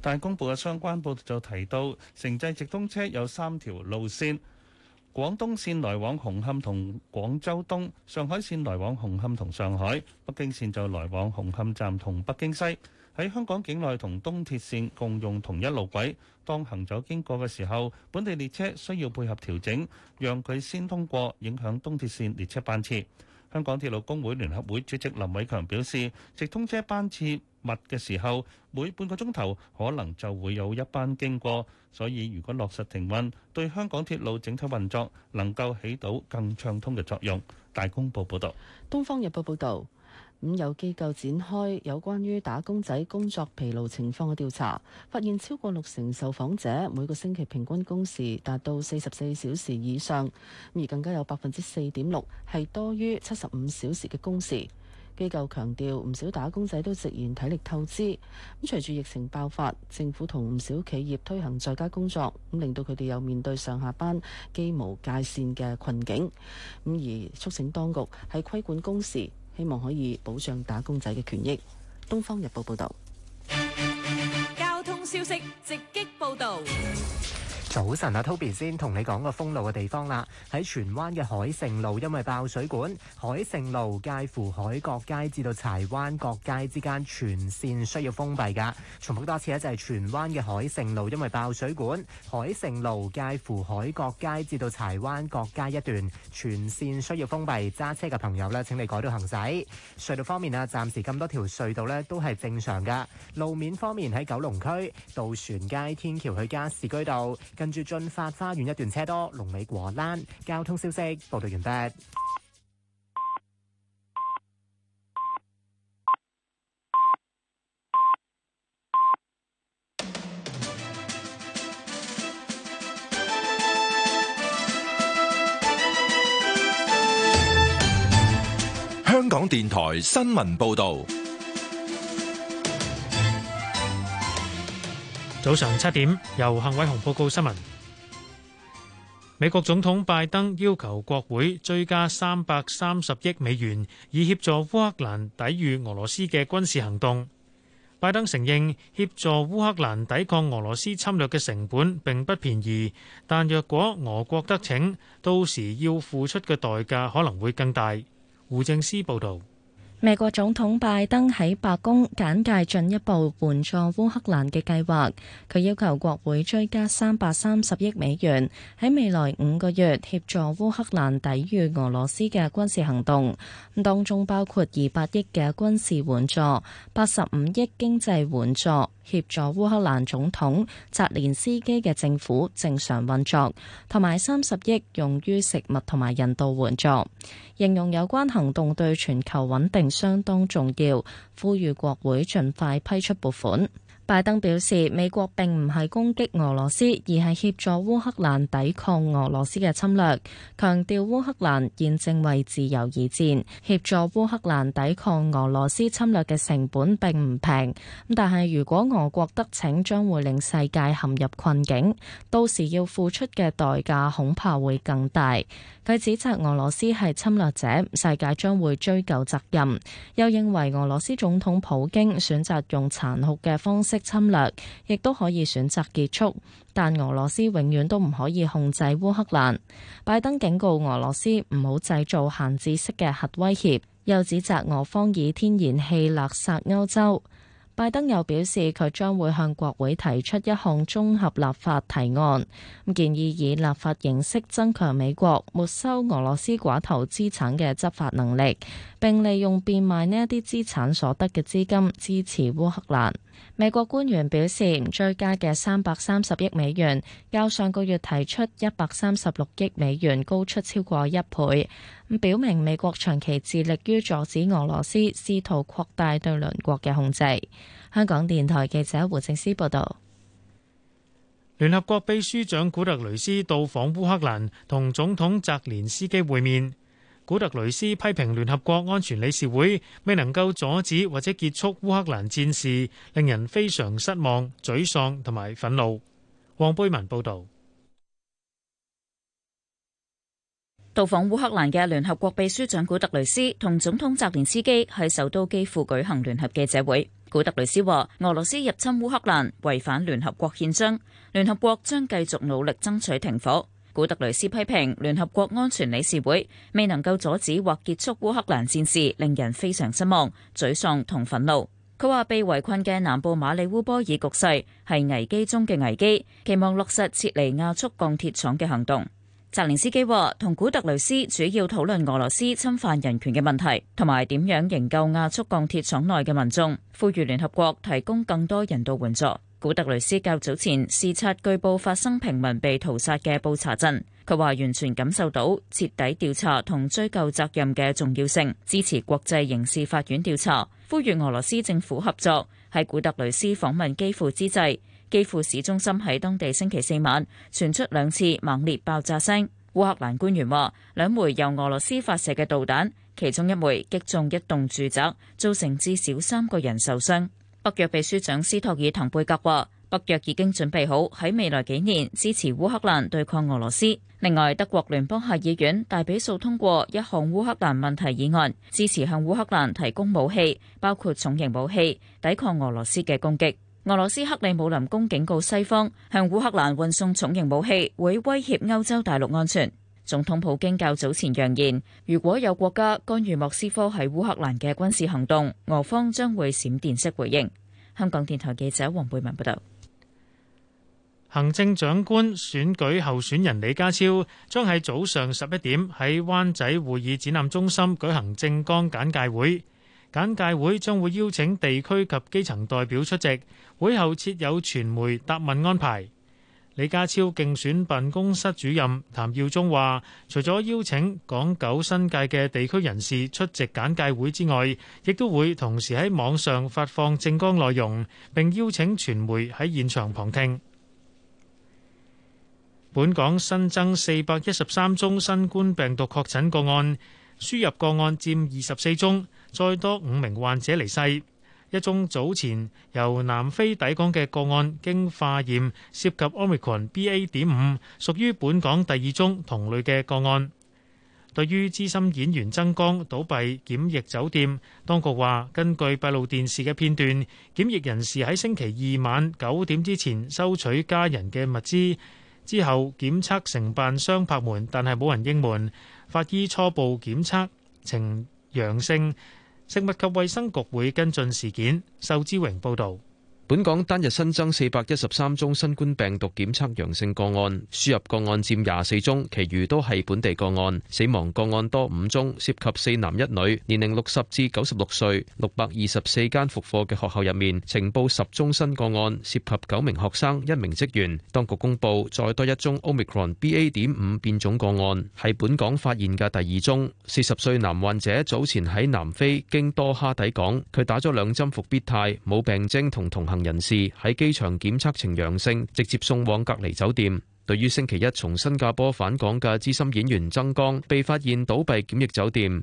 但公佈嘅相關報道就提到，城際直通車有三條路線。廣東線來往紅磡同廣州東，上海線來往紅磡同上海，北京線就來往紅磡站同北京西。喺香港境內同東鐵線共用同一路軌，當行走經過嘅時候，本地列車需要配合調整，讓佢先通過，影響東鐵線列車班次。香港鐵路工會聯合會主席林偉強表示，直通車班次密嘅時候，每半個鐘頭可能就會有一班經過，所以如果落實停運，對香港鐵路整體運作能夠起到更暢通嘅作用。大公報報道。《東方日報》報道，咁有機構展開有關於打工仔工作疲勞情況嘅調查，發現超過六成受訪者每個星期平均工時達到四十四小時以上，而更加有百分之四點六係多於七十五小時嘅工時。機構強調，唔少打工仔都直言體力透支。咁隨住疫情爆發，政府同唔少企業推行在家工作，咁令到佢哋有面對上下班機無界線嘅困境。咁而促請當局喺規管工時，希望可以保障打工仔嘅權益。東方日報報道。交通消息直擊報道。早晨啊，Toby 先同你講個封路嘅地方啦。喺荃灣嘅海盛路，因為爆水管，海盛路介乎海角街至到柴灣角街之間全線需要封閉噶。重複多次咧，就係、是、荃灣嘅海盛路，因為爆水管，海盛路介乎海角街至到柴灣角街一段全線需要封閉。揸車嘅朋友呢，請你改道行駛。隧道方面啊，暫時咁多條隧道呢都係正常噶。路面方面喺九龍區渡船街天橋去加士居道。跟住駿發花園一段車多，龍尾過欄。交通消息報道完畢。香港電台新聞報道。早上七點，由幸偉雄報告新聞。美國總統拜登要求國會追加三百三十億美元，以協助烏克蘭抵禦俄羅斯嘅軍事行動。拜登承認協助烏克蘭抵抗俄羅斯侵略嘅成本並不便宜，但若果俄國得逞，到時要付出嘅代價可能會更大。胡正思報道。美國總統拜登喺白宮簡介進一步援助烏克蘭嘅計劃，佢要求國會追加三百三十億美元，喺未來五個月協助烏克蘭抵禦俄羅斯嘅軍事行動，當中包括二百億嘅軍事援助、八十五億經濟援助，協助烏克蘭總統澤連斯基嘅政府正常運作，同埋三十億用於食物同埋人道援助，形容有關行動對全球穩定相當重要，呼籲國會盡快批出撥款。拜登表示，美國並唔係攻擊俄羅斯，而係協助烏克蘭抵抗俄羅斯嘅侵略，強調烏克蘭現正為自由而戰，協助烏克蘭抵抗俄羅斯侵略嘅成本並唔平。咁但係如果俄國得逞，將會令世界陷入困境，到時要付出嘅代價恐怕會更大。佢指責俄羅斯係侵略者，世界將會追究責任。又認為俄羅斯總統普京選擇用殘酷嘅方式，即侵略，亦都可以選擇結束，但俄羅斯永遠都唔可以控制烏克蘭。拜登警告俄羅斯唔好製造限制式嘅核威脅，又指責俄方以天然氣勒殺歐洲。拜登又表示佢將會向國會提出一項綜合立法提案，建議以立法形式增強美國沒收俄羅斯寡頭資產嘅執法能力。並利用變賣呢一啲資產所得嘅資金支持烏克蘭。美國官員表示，追加嘅三百三十億美元，較上個月提出一百三十六億美元高出超過一倍，表明美國長期致力於阻止俄羅斯試圖擴大對鄰國嘅控制。香港電台記者胡正思報道。聯合國秘書長古特雷斯到訪烏克蘭，同總統澤連斯基會面。古特雷斯批評聯合國安全理事會未能夠阻止或者結束烏克蘭戰事，令人非常失望、沮喪同埋憤怒。黃貝文報道。到訪烏克蘭嘅聯合國秘書長古特雷斯同總統澤連斯基喺首都基輔舉行聯合記者會。古特雷斯話：俄羅斯入侵烏克蘭違反聯合國憲章，聯合國將繼續努力爭取停火。古特雷斯批評聯合國安全理事會未能夠阻止或結束烏克蘭戰事，令人非常失望、沮喪同憤怒。佢話被圍困嘅南部馬里烏波爾局勢係危機中嘅危機，期望落實撤離亞速鋼鐵廠嘅行動。澤連斯基話同古特雷斯主要討論俄羅斯侵犯人權嘅問題，同埋點樣營救亞速鋼鐵廠內嘅民眾，呼籲聯合國提供更多人道援助。古特雷斯較早前視察據報發生平民被屠殺嘅布查鎮，佢話完全感受到徹底調查同追究責任嘅重要性，支持國際刑事法院調查，呼籲俄羅斯政府合作。喺古特雷斯訪問基輔之際，基輔市中心喺當地星期四晚傳出兩次猛烈爆炸聲。烏克蘭官員話，兩枚由俄羅斯發射嘅導彈，其中一枚擊中一棟住宅，造成至少三個人受傷。北約秘書長斯托爾滕貝格話：北約已經準備好喺未來幾年支持烏克蘭對抗俄羅斯。另外，德國聯邦下議院大比數通過一項烏克蘭問題議案，支持向烏克蘭提供武器，包括重型武器，抵抗俄羅斯嘅攻擊。俄羅斯克里姆林宮警告西方向烏克蘭運送重型武器會威脅歐洲大陸安全。總統普京較早前揚言，如果有國家干預莫斯科喺烏克蘭嘅軍事行動，俄方將會閃電式回應。香港電台記者黃貝文報道，行政長官選舉候選人李家超將喺早上十一點喺灣仔會議展覽中心舉行政綱簡介會，簡介會將會邀請地區及基層代表出席，會後設有傳媒答問安排。李家超競選辦公室主任譚耀宗話：除咗邀請港九新界嘅地區人士出席簡介會之外，亦都會同時喺網上發放政綱內容，並邀請傳媒喺現場旁聽。本港新增四百一十三宗新冠病毒確診個案，輸入個案佔二十四宗，再多五名患者離世。一宗早前由南非抵港嘅個案，經化驗涉及 Omicron BA. 點五，屬於本港第二宗同類嘅個案。對於資深演員曾江倒閉檢疫酒店，當局話根據閉路電視嘅片段，檢疫人士喺星期二晚九點之前收取家人嘅物資，之後檢測承辦商拍門，但係冇人應門，法醫初步檢測呈陽性。食物及衛生局會跟進事件。仇之榮報導。本港單日新增四百一十三宗新冠病毒檢測陽性個案，輸入個案占廿四宗，其餘都係本地個案。死亡個案多五宗，涉及四男一女，年齡六十至九十六歲。六百二十四間復課嘅學校入面，呈報十宗新個案，涉及九名學生、一名職員。當局公布再多一宗 Omicron BA 點五變種個案，係本港發現嘅第二宗。四十歲男患者早前喺南非經多哈抵港，佢打咗兩針復必泰，冇病徵同同行行人士喺機場檢測呈陽性，直接送往隔離酒店。對於星期一從新加坡返港嘅資深演員曾江，被發現倒斃檢疫酒店。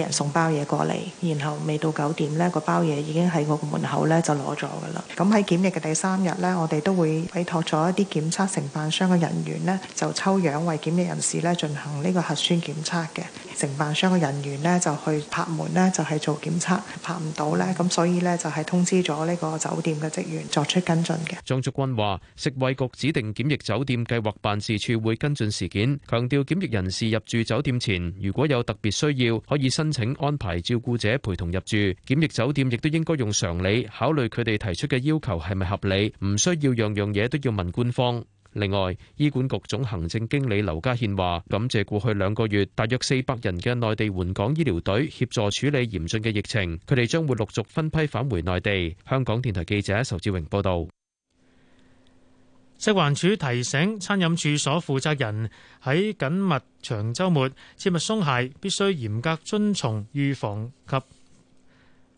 人送包嘢過嚟，然後未到酒店咧，個包嘢已經喺嗰個門口咧就攞咗噶啦。咁喺檢疫嘅第三日咧，我哋都會委託咗一啲檢測承辦商嘅人員咧，就抽樣為檢疫人士咧進行呢個核酸檢測嘅。承辦商嘅人員咧就去拍門咧，就係做檢測，拍唔到咧，咁所以咧就係通知咗呢個酒店嘅職員作出跟進嘅。張竹君話：食衛局指定檢疫酒店計劃辦事處會跟進事件，強調檢疫人士入住酒店前，如果有特別需要，可以申。請安排照顧者陪同入住，檢疫酒店亦都應該用常理考慮佢哋提出嘅要求係咪合理，唔需要樣樣嘢都要問官方。另外，醫管局總行政經理劉家憲話，感謝過去兩個月大約四百人嘅內地援港醫療隊協助處理嚴峻嘅疫情，佢哋將會陸續分批返回內地。香港電台記者仇志榮報道。食環署提醒餐飲處所負責人喺緊密長週末切勿鬆懈，必須嚴格遵從預防及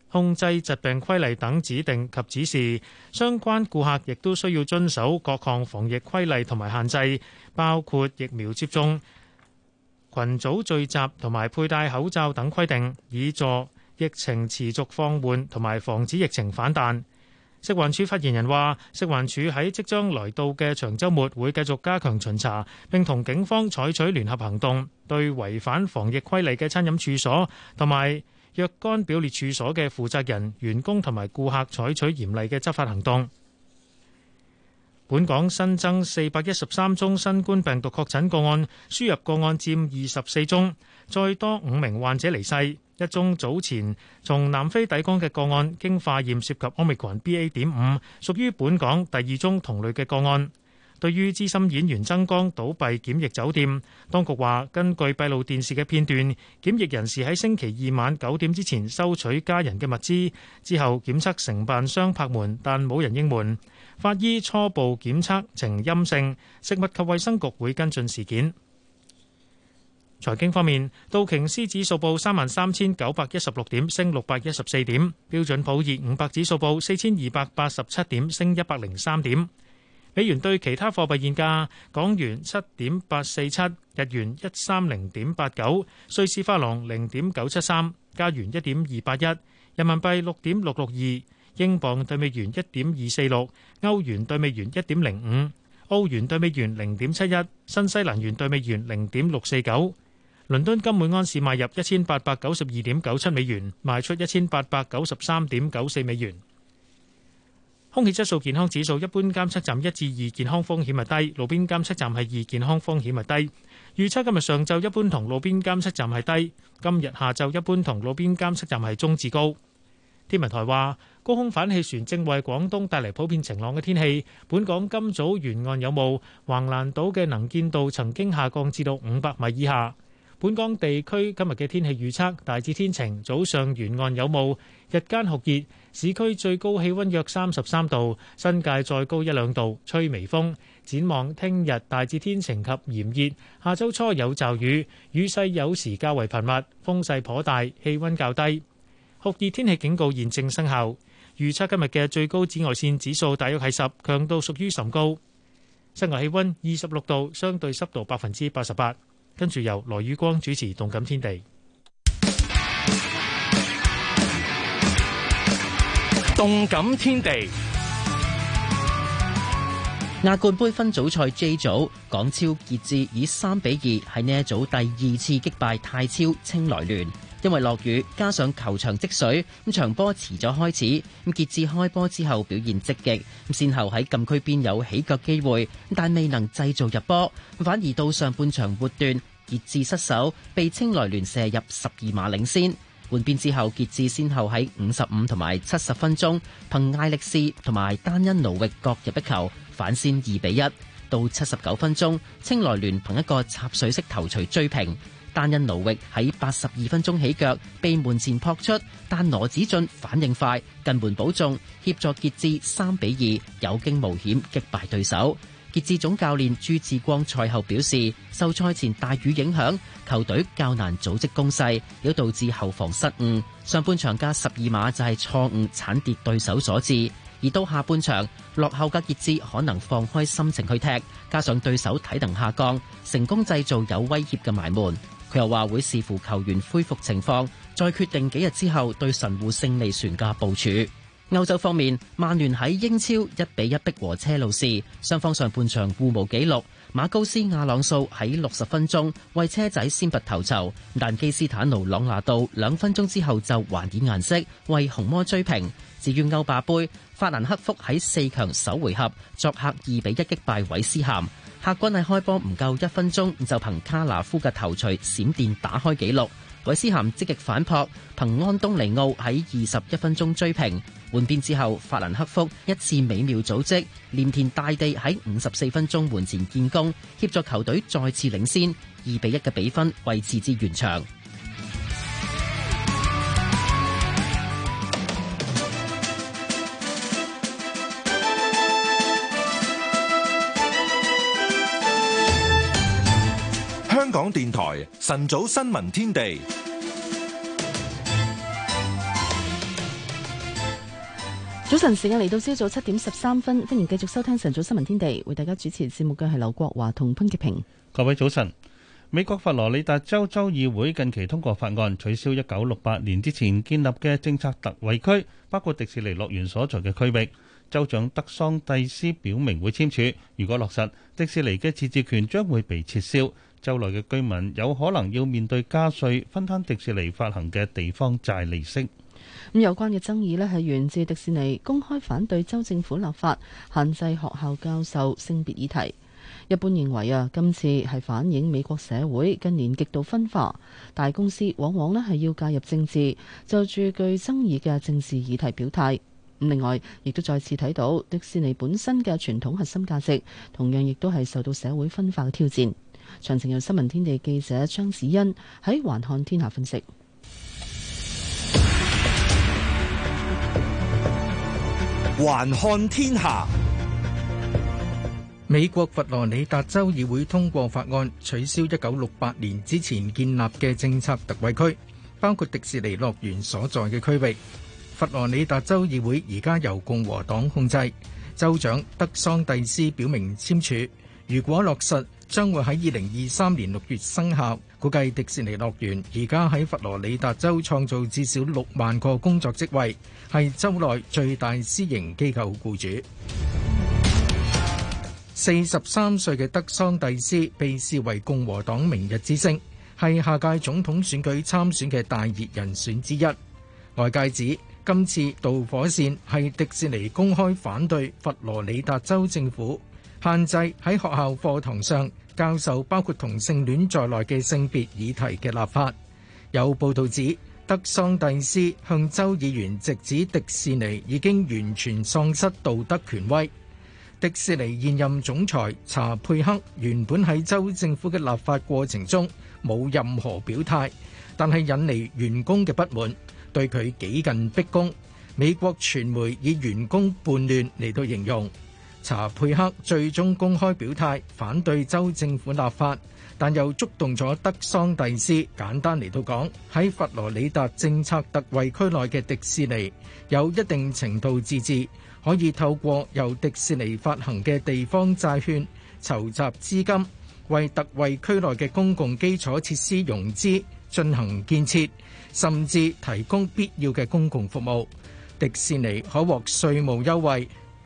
控制疾病規例等指定及指示。相關顧客亦都需要遵守各項防疫規例同埋限制，包括疫苗接種、群組聚集同埋佩戴口罩等規定，以助疫情持續放緩同埋防止疫情反彈。食環署發言人話：食環署喺即將來到嘅長週末會繼續加強巡查，並同警方採取聯合行動，對違反防疫規例嘅餐飲處所同埋若干表列處所嘅負責人、員工同埋顧客採取嚴厲嘅執法行動。本港新增四百一十三宗新冠病毒確診個案，輸入個案佔二十四宗，再多五名患者離世。一宗早前從南非抵港嘅個案，經化驗涉及 Omicron BA. 點五，屬於本港第二宗同類嘅個案。對於資深演員曾江倒斃檢疫酒店，當局話根據閉路電視嘅片段，檢疫人士喺星期二晚九點之前收取家人嘅物資，之後檢測承辦商拍門，但冇人應門。法醫初步檢測呈陰性，食物及衛生局會跟進事件。財經方面，道瓊斯指數報三萬三千九百一十六點，升六百一十四點；標準普爾五百指數報四千二百八十七點，升一百零三點。美元對其他貨幣現價：港元七點八四七，日元一三零點八九，瑞士法郎零點九七三，加元一點二八一，人民幣六點六六二，英鎊對美元一點二四六，歐元對美元一點零五，澳元對美元零點七一，新西蘭元對美元零點六四九。倫敦金每安士買入一千八百九十二點九七美元，賣出一千八百九十三點九四美元。空氣質素健康指數，一般監測站一至二，健康風險係低，路邊監測站係二，健康風險係低。預測今日上晝一般同路邊監測站係低，今日下晝一般同路邊監測站係中至高。天文台話高空反氣旋正為廣東帶嚟普遍晴朗嘅天氣。本港今早沿岸有霧，橫瀾島嘅能見度曾經下降至到五百米以下。本港地區今日嘅天氣預測，大致天晴，早上沿岸有霧，日間酷熱，市區最高氣温約三十三度，新界再高一兩度，吹微風。展望聽日，大致天晴及炎熱，下周初有驟雨，雨勢有時較為頻密，風勢頗大，氣温較低。酷熱天氣警告現正生效。預測今日嘅最高紫外線指數大約係十，強度屬於甚高。室外氣温二十六度，相對濕度百分之八十八。跟住由羅宇光主持《動感天地》，《動感天地》亞冠杯分組賽 J 組，港超傑志以三比二喺呢一組第二次擊敗泰超清來聯。因為落雨，加上球場積水，咁場波遲咗開始。咁傑志開波之後表現積極，咁先後喺禁區邊有起腳機會，但未能製造入波，反而到上半場末段傑志失守，被青來聯射入十二碼領先。換邊之後，傑志先後喺五十五同埋七十分鐘，憑艾力斯同埋丹恩奴域各入一球，反先二比一。到七十九分鐘，青來聯憑一個插水式頭槌追平。單因奴域喺八十二分鐘起腳被門前撲出，但羅子俊反應快近門保中，協助傑志三比二有驚無險擊敗對手。傑志總教練朱志光賽後表示，受賽前大雨影響，球隊較難組織攻勢，有導致後防失誤。上半場加十二碼就係錯誤鏟跌對手所致，而到下半場落後嘅傑志可能放開心情去踢，加上對手體能下降，成功製造有威脅嘅埋門。佢又話會視乎球員恢復情況，再決定幾日之後對神戶勝利船嘅部署。歐洲方面，曼聯喺英超一比一逼和車路士，雙方上半場互無紀錄。馬高斯亞朗素喺六十分鐘為車仔先拔頭籌，但基斯坦奴朗拿度兩分鐘之後就還以顏色，為紅魔追平。至於歐霸盃，法蘭克福喺四強首回合作客二比一擊敗韋斯咸，客軍喺開波唔夠一分鐘就憑卡拿夫嘅頭槌閃電打開紀錄。韋斯咸積極反撲，憑安東尼奧喺二十一分鐘追平，換邊之後，法蘭克福一次美妙組織，鎌田大地喺五十四分鐘門前建功，協助球隊再次領先二比一嘅比分，維持至完場。港電台晨早新聞天地，早晨時間嚟到，朝早七點十三分，歡迎繼續收聽晨早新聞天地。為大家主持節目嘅係劉國華同潘潔平。各位早晨！美國佛羅里達州州議會近期通過法案，取消一九六八年之前建立嘅政策特惠區，包括迪士尼樂園所在嘅區域。州長德桑蒂斯表明會簽署，如果落實，迪士尼嘅自治權將會被撤銷。州內嘅居民有可能要面對加稅，分攤迪士尼發行嘅地方債利息。咁、嗯、有關嘅爭議呢係源自迪士尼公開反對州政府立法限制學校教授性別議題。一般認為啊，今次係反映美國社會近年極度分化，大公司往往呢係要介入政治，就住具爭議嘅政治議題表態。另外，亦都再次睇到迪士尼本身嘅傳統核心價值，同樣亦都係受到社會分化嘅挑戰。詳情由新聞天地記者張子欣喺《還看天下》分析，《還看天下》，美國佛羅里達州議會通過法案取消一九六八年之前建立嘅政策特惠區，包括迪士尼樂園所在嘅區域。佛羅里達州議會而家由共和黨控制，州長德桑蒂斯表明簽署，如果落實，將會喺二零二三年六月生效。估計迪士尼樂園而家喺佛羅里達州創造至少六萬個工作職位，係州內最大私營機構僱主。四十三歲嘅德桑蒂斯被視為共和黨明日之星，係下屆總統選舉參選嘅大熱人選之一。外界指今次導火線係迪士尼公開反對佛羅里達州政府，限制喺學校課堂上。教授包括同性戀在內嘅性別議題嘅立法，有報道指德桑蒂斯向州議員直指迪士尼已經完全喪失道德權威。迪士尼現任總裁查佩克原本喺州政府嘅立法過程中冇任何表態，但係引嚟員工嘅不滿，對佢幾近逼供。美國傳媒以員工叛亂嚟到形容。查佩克最終公開表態反對州政府立法，但又觸動咗德桑蒂斯。簡單嚟到講，喺佛羅里達政策特惠區內嘅迪士尼，有一定程度自治，可以透過由迪士尼發行嘅地方債券籌集資金，為特惠區內嘅公共基礎設施融資進行建設，甚至提供必要嘅公共服務，迪士尼可獲稅務優惠。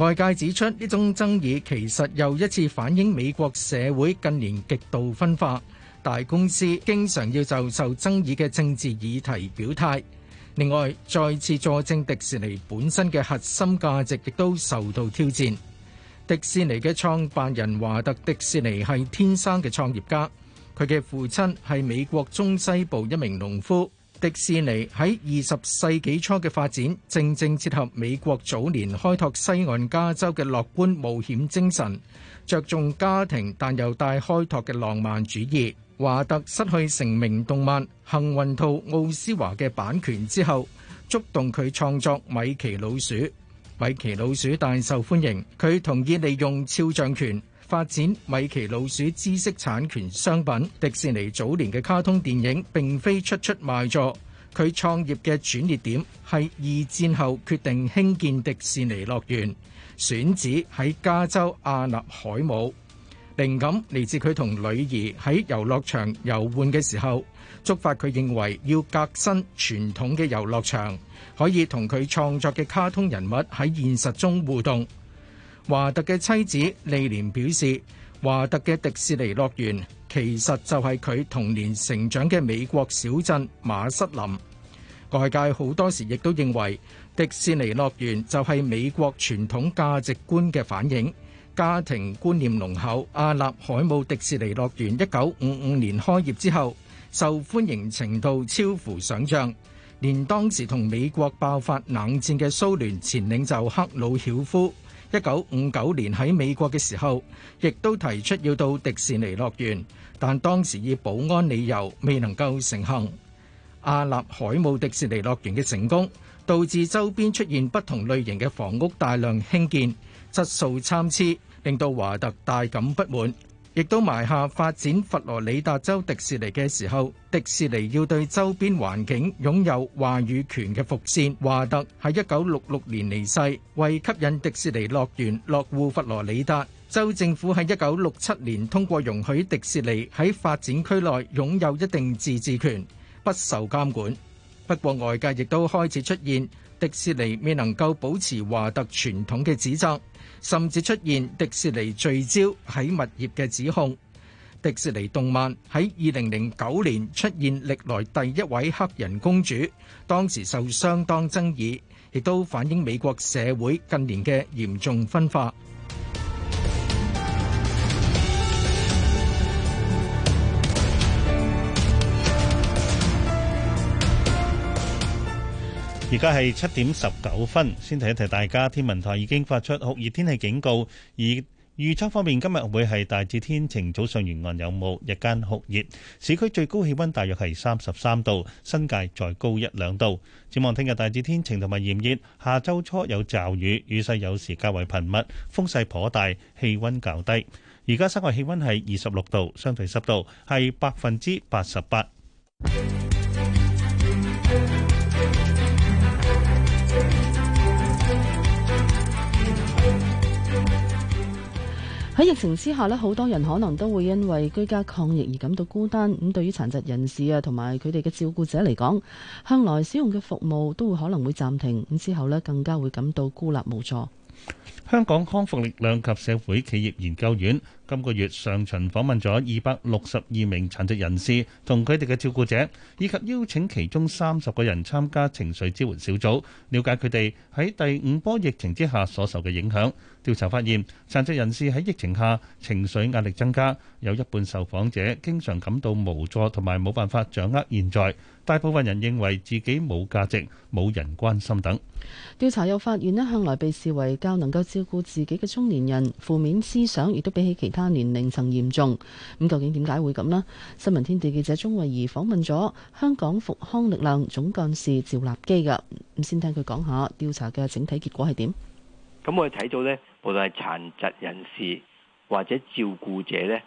外界指出，呢種爭議其實又一次反映美國社會近年極度分化，大公司經常要就受爭議嘅政治議題表態，另外，再次佐證迪士尼本身嘅核心價值亦都受到挑戰，迪士尼嘅創辦人華特迪士尼係天生嘅創業家，佢嘅父親係美國中西部一名農夫。迪士尼喺二十世紀初嘅發展，正正切合美國早年開拓西岸加州嘅樂觀冒險精神，着重家庭但又帶開拓嘅浪漫主義。華特失去成名動漫《幸運兔奧斯華》嘅版權之後，觸動佢創作《米奇老鼠》。《米奇老鼠》大受歡迎，佢同意利用肖像權。發展米奇老鼠知識產權商品，迪士尼早年嘅卡通電影並非出出賣座。佢創業嘅轉捩點係二戰後決定興建迪士尼樂園，選址喺加州阿納海姆。靈感嚟自佢同女兒喺遊樂場遊玩嘅時候，觸發佢認為要革新傳統嘅遊樂場，可以同佢創作嘅卡通人物喺現實中互動。華特嘅妻子利蓮表示，華特嘅迪士尼樂園其實就係佢童年成長嘅美國小鎮馬瑟林。外界好多時亦都認為，迪士尼樂園就係美國傳統價值觀嘅反映，家庭觀念濃厚。阿納海姆迪士尼樂園一九五五年開業之後，受歡迎程度超乎想象，連當時同美國爆發冷戰嘅蘇聯前領袖赫魯曉夫。一九五九年喺美國嘅時候，亦都提出要到迪士尼樂園，但當時以保安理由未能夠成行。阿納海姆迪士尼樂園嘅成功，導致周邊出現不同類型嘅房屋大量興建，質素參差，令到華特大感不滿。亦都埋下發展佛羅里達州迪士尼嘅時候，迪士尼要對周邊環境擁有話語權嘅伏線。華特喺一九六六年離世，為吸引迪士尼樂園落戶佛羅里達。州政府喺一九六七年通過容許迪士尼喺發展區內擁有一定自治權，不受監管。不過外界亦都開始出現迪士尼未能夠保持華特傳統嘅指責。甚至出現迪士尼聚焦喺物業嘅指控。迪士尼動漫喺二零零九年出現歷來第一位黑人公主，當時受相當爭議，亦都反映美國社會近年嘅嚴重分化。而家係七點十九分，先提一提大家。天文台已經發出酷熱天氣警告。而預測方面，今日會係大致天晴，早上沿岸有霧，日間酷熱，市區最高氣温大約係三十三度，新界再高一兩度。展望聽日大致天晴同埋炎熱，下周初有驟雨，雨勢有時較為頻密，風勢頗大，氣温較低。而家室外氣温係二十六度，相對濕度係百分之八十八。 喺疫情之下呢，好多人可能都會因為居家抗疫而感到孤單。咁對於殘疾人士啊，同埋佢哋嘅照顧者嚟講，向來使用嘅服務都會可能會暫停。咁之後呢，更加會感到孤立無助。香港康復力量及社會企業研究院今個月上旬訪問咗二百六十二名殘疾人士，同佢哋嘅照顧者，以及邀請其中三十個人參加情緒支援小組，了解佢哋喺第五波疫情之下所受嘅影響。調查發現，殘疾人士喺疫情下情緒壓力增加，有一半受訪者經常感到無助，同埋冇辦法掌握現在。大部分人認為自己冇價值、冇人關心等。調查又發現呢，向來被視為較能夠照顧自己嘅中年人，負面思想亦都比起其他年齡層嚴重。咁究竟點解會咁呢？新聞天地記者鍾慧儀訪問咗香港復康力量總幹事趙立基嘅，咁先聽佢講下調查嘅整體結果係點。咁我哋睇到呢，無論係殘疾人士或者照顧者呢。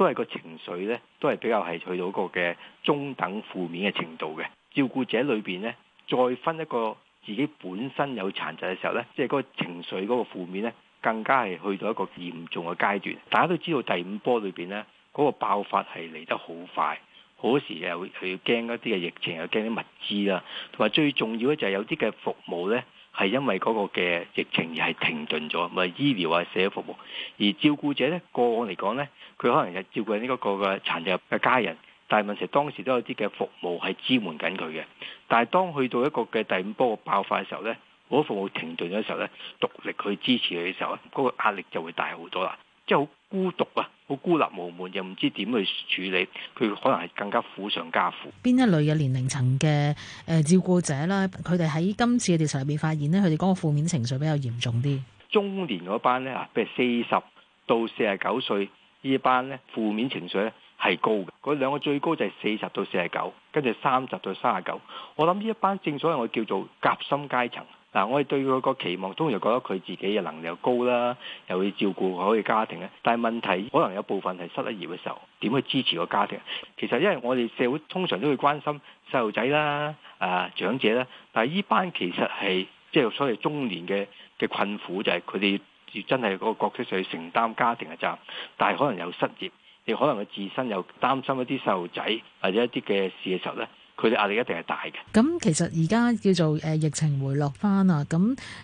都係個情緒呢，都係比較係去到一個嘅中等負面嘅程度嘅。照顧者裏邊呢，再分一個自己本身有殘疾嘅時候呢，即係嗰個情緒嗰個負面呢更加係去到一個嚴重嘅階段。大家都知道第五波裏邊呢，嗰個爆發係嚟得好快，好多時又係要驚一啲嘅疫情，又驚啲物資啦，同埋最重要呢就係有啲嘅服務呢。係因為嗰個嘅疫情而係停頓咗，唔係醫療啊社會服務，而照顧者咧過往嚟講咧，佢可能係照顧緊呢一個嘅殘疾嘅家人，但係問題當時都有啲嘅服務係支援緊佢嘅，但係當去到一個嘅第五波嘅爆發嘅時候咧，嗰個服務停頓咗時候咧，獨力去支持佢嘅時候咧，嗰個壓力就會大好多啦，即係好孤獨啊！好孤立無門，又唔知點去處理，佢可能係更加苦上加苦。邊一類嘅年齡層嘅誒照顧者啦，佢哋喺今次嘅調查入面發現咧，佢哋嗰個負面情緒比較嚴重啲。中年嗰班咧，啊，譬如四十到四十九歲呢一班咧，負面情緒咧係高嘅。嗰兩個最高就係四十到四十九，跟住三十到三十九。我諗呢一班正所謂我叫做夾心階層。嗱，我哋對佢個期望通常覺得佢自己嘅能力又高啦，又要照顧好佢家庭咧。但係問題可能有部分係失咗業嘅時候，點去支持個家庭？其實因為我哋社會通常都會關心細路仔啦，啊長者啦。但係呢班其實係即係所謂中年嘅嘅困苦，就係佢哋要真係嗰個角色上去承擔家庭嘅責任，但係可能有失業，亦可能佢自身又擔心一啲細路仔或者一啲嘅事嘅時候咧。佢哋壓力一定係大嘅。咁其實而家叫做誒、呃、疫情回落翻啊，咁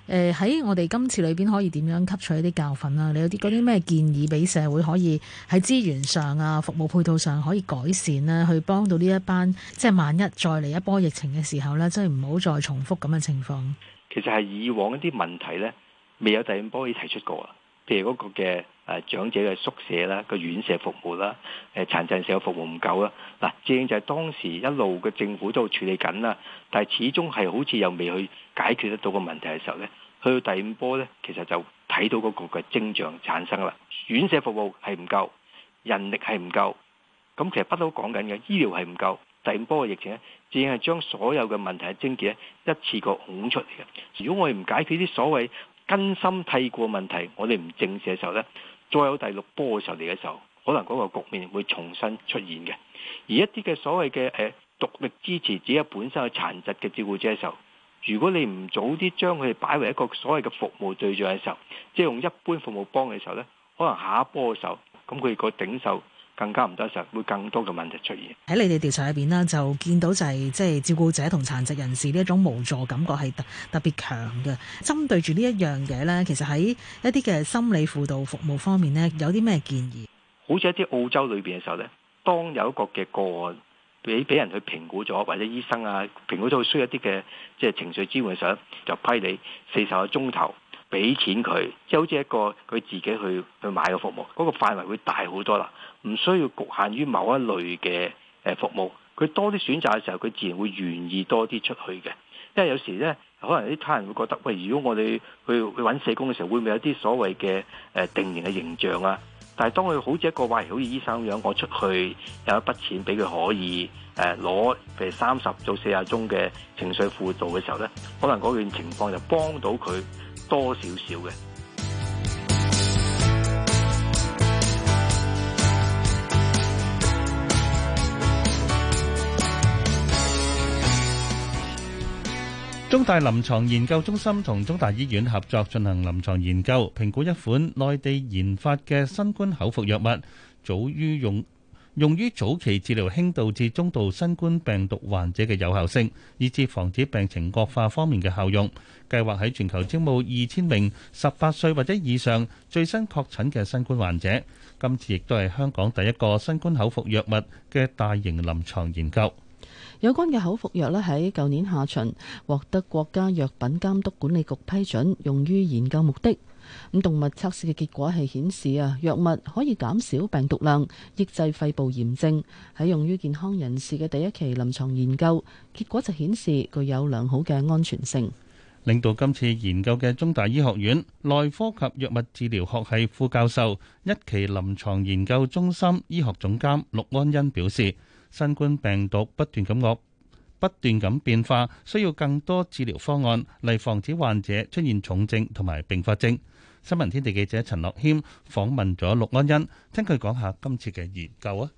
誒喺我哋今次裏邊可以點樣吸取一啲教訓啦？你有啲嗰啲咩建議俾社會可以喺資源上啊、服務配套上可以改善咧，去幫到呢一班即係萬一再嚟一波疫情嘅時候咧，真係唔好再重複咁嘅情況。其實係以往一啲問題咧，未有第五波可以提出過啊。譬如嗰個嘅誒長者嘅宿舍啦，個院舍服務啦，誒殘疾社服務唔夠啦。嗱，正就係當時一路嘅政府都處理緊啦，但係始終係好似又未去解決得到個問題嘅時候咧，去到第五波咧，其實就睇到嗰個嘅症狀產生啦。院舍服務係唔夠，人力係唔夠，咁其實不嬲講緊嘅醫療係唔夠。第五波嘅疫情咧，正係將所有嘅問題嘅症結咧，一次過湧出嚟嘅。如果我哋唔解決啲所謂，根深蒂固問題，我哋唔正視嘅時候呢，再有第六波嘅時候嚟嘅時候，可能嗰個局面會重新出現嘅。而一啲嘅所謂嘅誒獨力支持自己本身嘅殘疾嘅照顧者嘅時候，如果你唔早啲將佢哋擺為一個所謂嘅服務對象嘅時候，即係用一般服務幫嘅時候呢，可能下一波嘅時候，咁佢個頂受。更加唔得，實會更多嘅問題出現喺你哋調查入邊呢，就見到就係即係照顧者同殘疾人士呢一種無助感覺係特別強嘅。針對住呢一樣嘢呢，其實喺一啲嘅心理輔導服務方面呢，有啲咩建議？好似一啲澳洲裏邊嘅時候呢，當有一個嘅個案俾俾人去評估咗，或者醫生啊評估咗需要一啲嘅即係情緒支援嘅時候，就批你四十個鐘頭。俾錢佢，即係好似一個佢自己去去買嘅服務，嗰、嗰個範圍會大好多啦。唔需要局限於某一類嘅誒服務，佢多啲選擇嘅時候，佢自然會願意多啲出去嘅。因為有時咧，可能啲他人會覺得喂，如果我哋去去揾社工嘅時候，會唔會有啲所謂嘅誒定型嘅形象啊？但係當佢好似一個話，喂，好似醫生咁樣，我出去有一筆錢俾佢，可以誒攞、呃、譬如三十到四十鐘嘅情緒輔導嘅時候咧，可能嗰段情況就幫到佢。多少少嘅中大臨床研究中心同中大醫院合作進行臨床研究，評估一款內地研發嘅新冠口服藥物，早於用。用於早期治療輕度至中度新冠病毒患者嘅有效性，以至防止病情惡化方面嘅效用。計劃喺全球招募二千名十八歲或者以上最新確診嘅新冠患者。今次亦都係香港第一個新冠口服藥物嘅大型臨床研究。有關嘅口服藥呢，喺舊年下旬獲得國家藥品監督管理局批准，用於研究目的。咁動物測試嘅結果係顯示啊，藥物可以減少病毒量，抑制肺部炎症。喺用於健康人士嘅第一期臨床研究，結果就顯示具有良好嘅安全性。領導今次研究嘅中大醫學院內科及藥物治療學系副教授、一期臨床研究中心醫學總監陸安恩表示，新冠病毒不斷咁惡，不斷咁變化，需要更多治療方案嚟防止患者出現重症同埋併發症。新聞天地記者陳樂謙訪問咗陸安欣，聽佢講下今次嘅研究啊。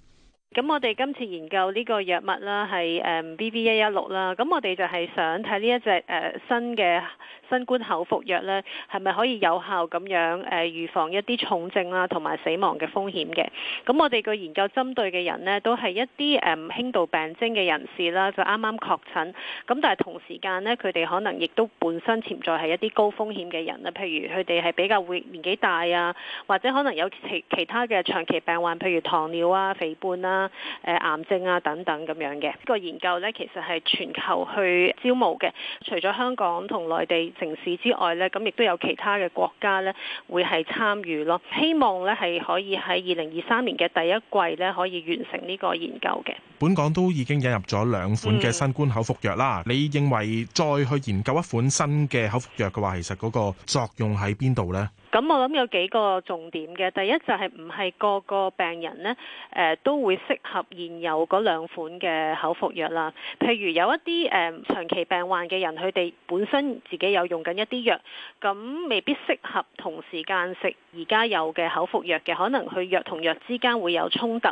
咁我哋今次研究呢個藥物啦，係誒 B B 一一六啦。咁我哋就係想睇呢一隻誒新嘅新冠口服藥呢，係咪可以有效咁樣誒預防一啲重症啦，同埋死亡嘅風險嘅。咁我哋個研究針對嘅人呢，都係一啲誒輕度病徵嘅人士啦，就啱啱確診。咁但係同時間呢，佢哋可能亦都本身潛在係一啲高風險嘅人啦，譬如佢哋係比較會年紀大啊，或者可能有其其他嘅長期病患，譬如糖尿啊、肥胖啊。誒、啊、癌症啊等等，咁樣嘅。呢個研究呢，其實係全球去招募嘅，除咗香港同內地城市之外呢，咁亦都有其他嘅國家呢會係參與咯。希望呢係可以喺二零二三年嘅第一季呢可以完成呢個研究嘅。本港都已經引入咗兩款嘅新冠口服藥啦。嗯、你認為再去研究一款新嘅口服藥嘅話，其實嗰個作用喺邊度呢？咁我諗有幾個重點嘅，第一就係唔係個個病人呢，誒、呃、都會適合現有嗰兩款嘅口服藥啦。譬如有一啲誒長期病患嘅人，佢哋本身自己有用緊一啲藥，咁未必適合同時間食。而家有嘅口服藥嘅，可能佢藥同藥之間會有衝突，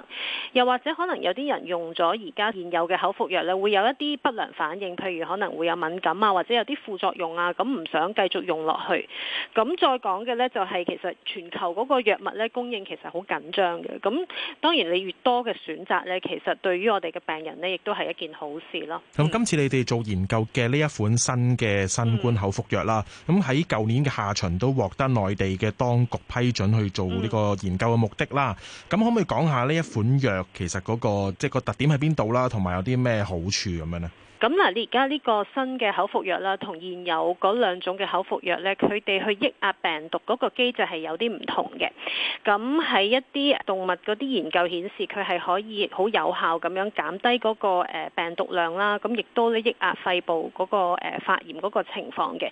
又或者可能有啲人用咗而家現有嘅口服藥呢，會有一啲不良反應，譬如可能會有敏感啊，或者有啲副作用啊，咁唔想繼續用落去。咁再講嘅呢，就係其實全球嗰個藥物呢，供應其實好緊張嘅。咁當然你越多嘅選擇呢，其實對於我哋嘅病人呢，亦都係一件好事咯。咁、嗯、今次你哋做研究嘅呢一款新嘅新冠口服藥啦，咁喺舊年嘅下旬都獲得內地嘅當局，批准去做呢個研究嘅目的啦，咁可唔可以講下呢一款藥其實嗰個即係個特點喺邊度啦，同埋有啲咩好處咁樣咧？咁嗱，你而家呢個新嘅口服藥啦，同現有嗰兩種嘅口服藥咧，佢哋去抑壓病毒嗰個機制係有啲唔同嘅。咁喺一啲動物嗰啲研究顯示，佢係可以好有效咁樣減低嗰個誒病毒量啦，咁亦都咧抑壓肺部嗰個誒發炎嗰個情況嘅。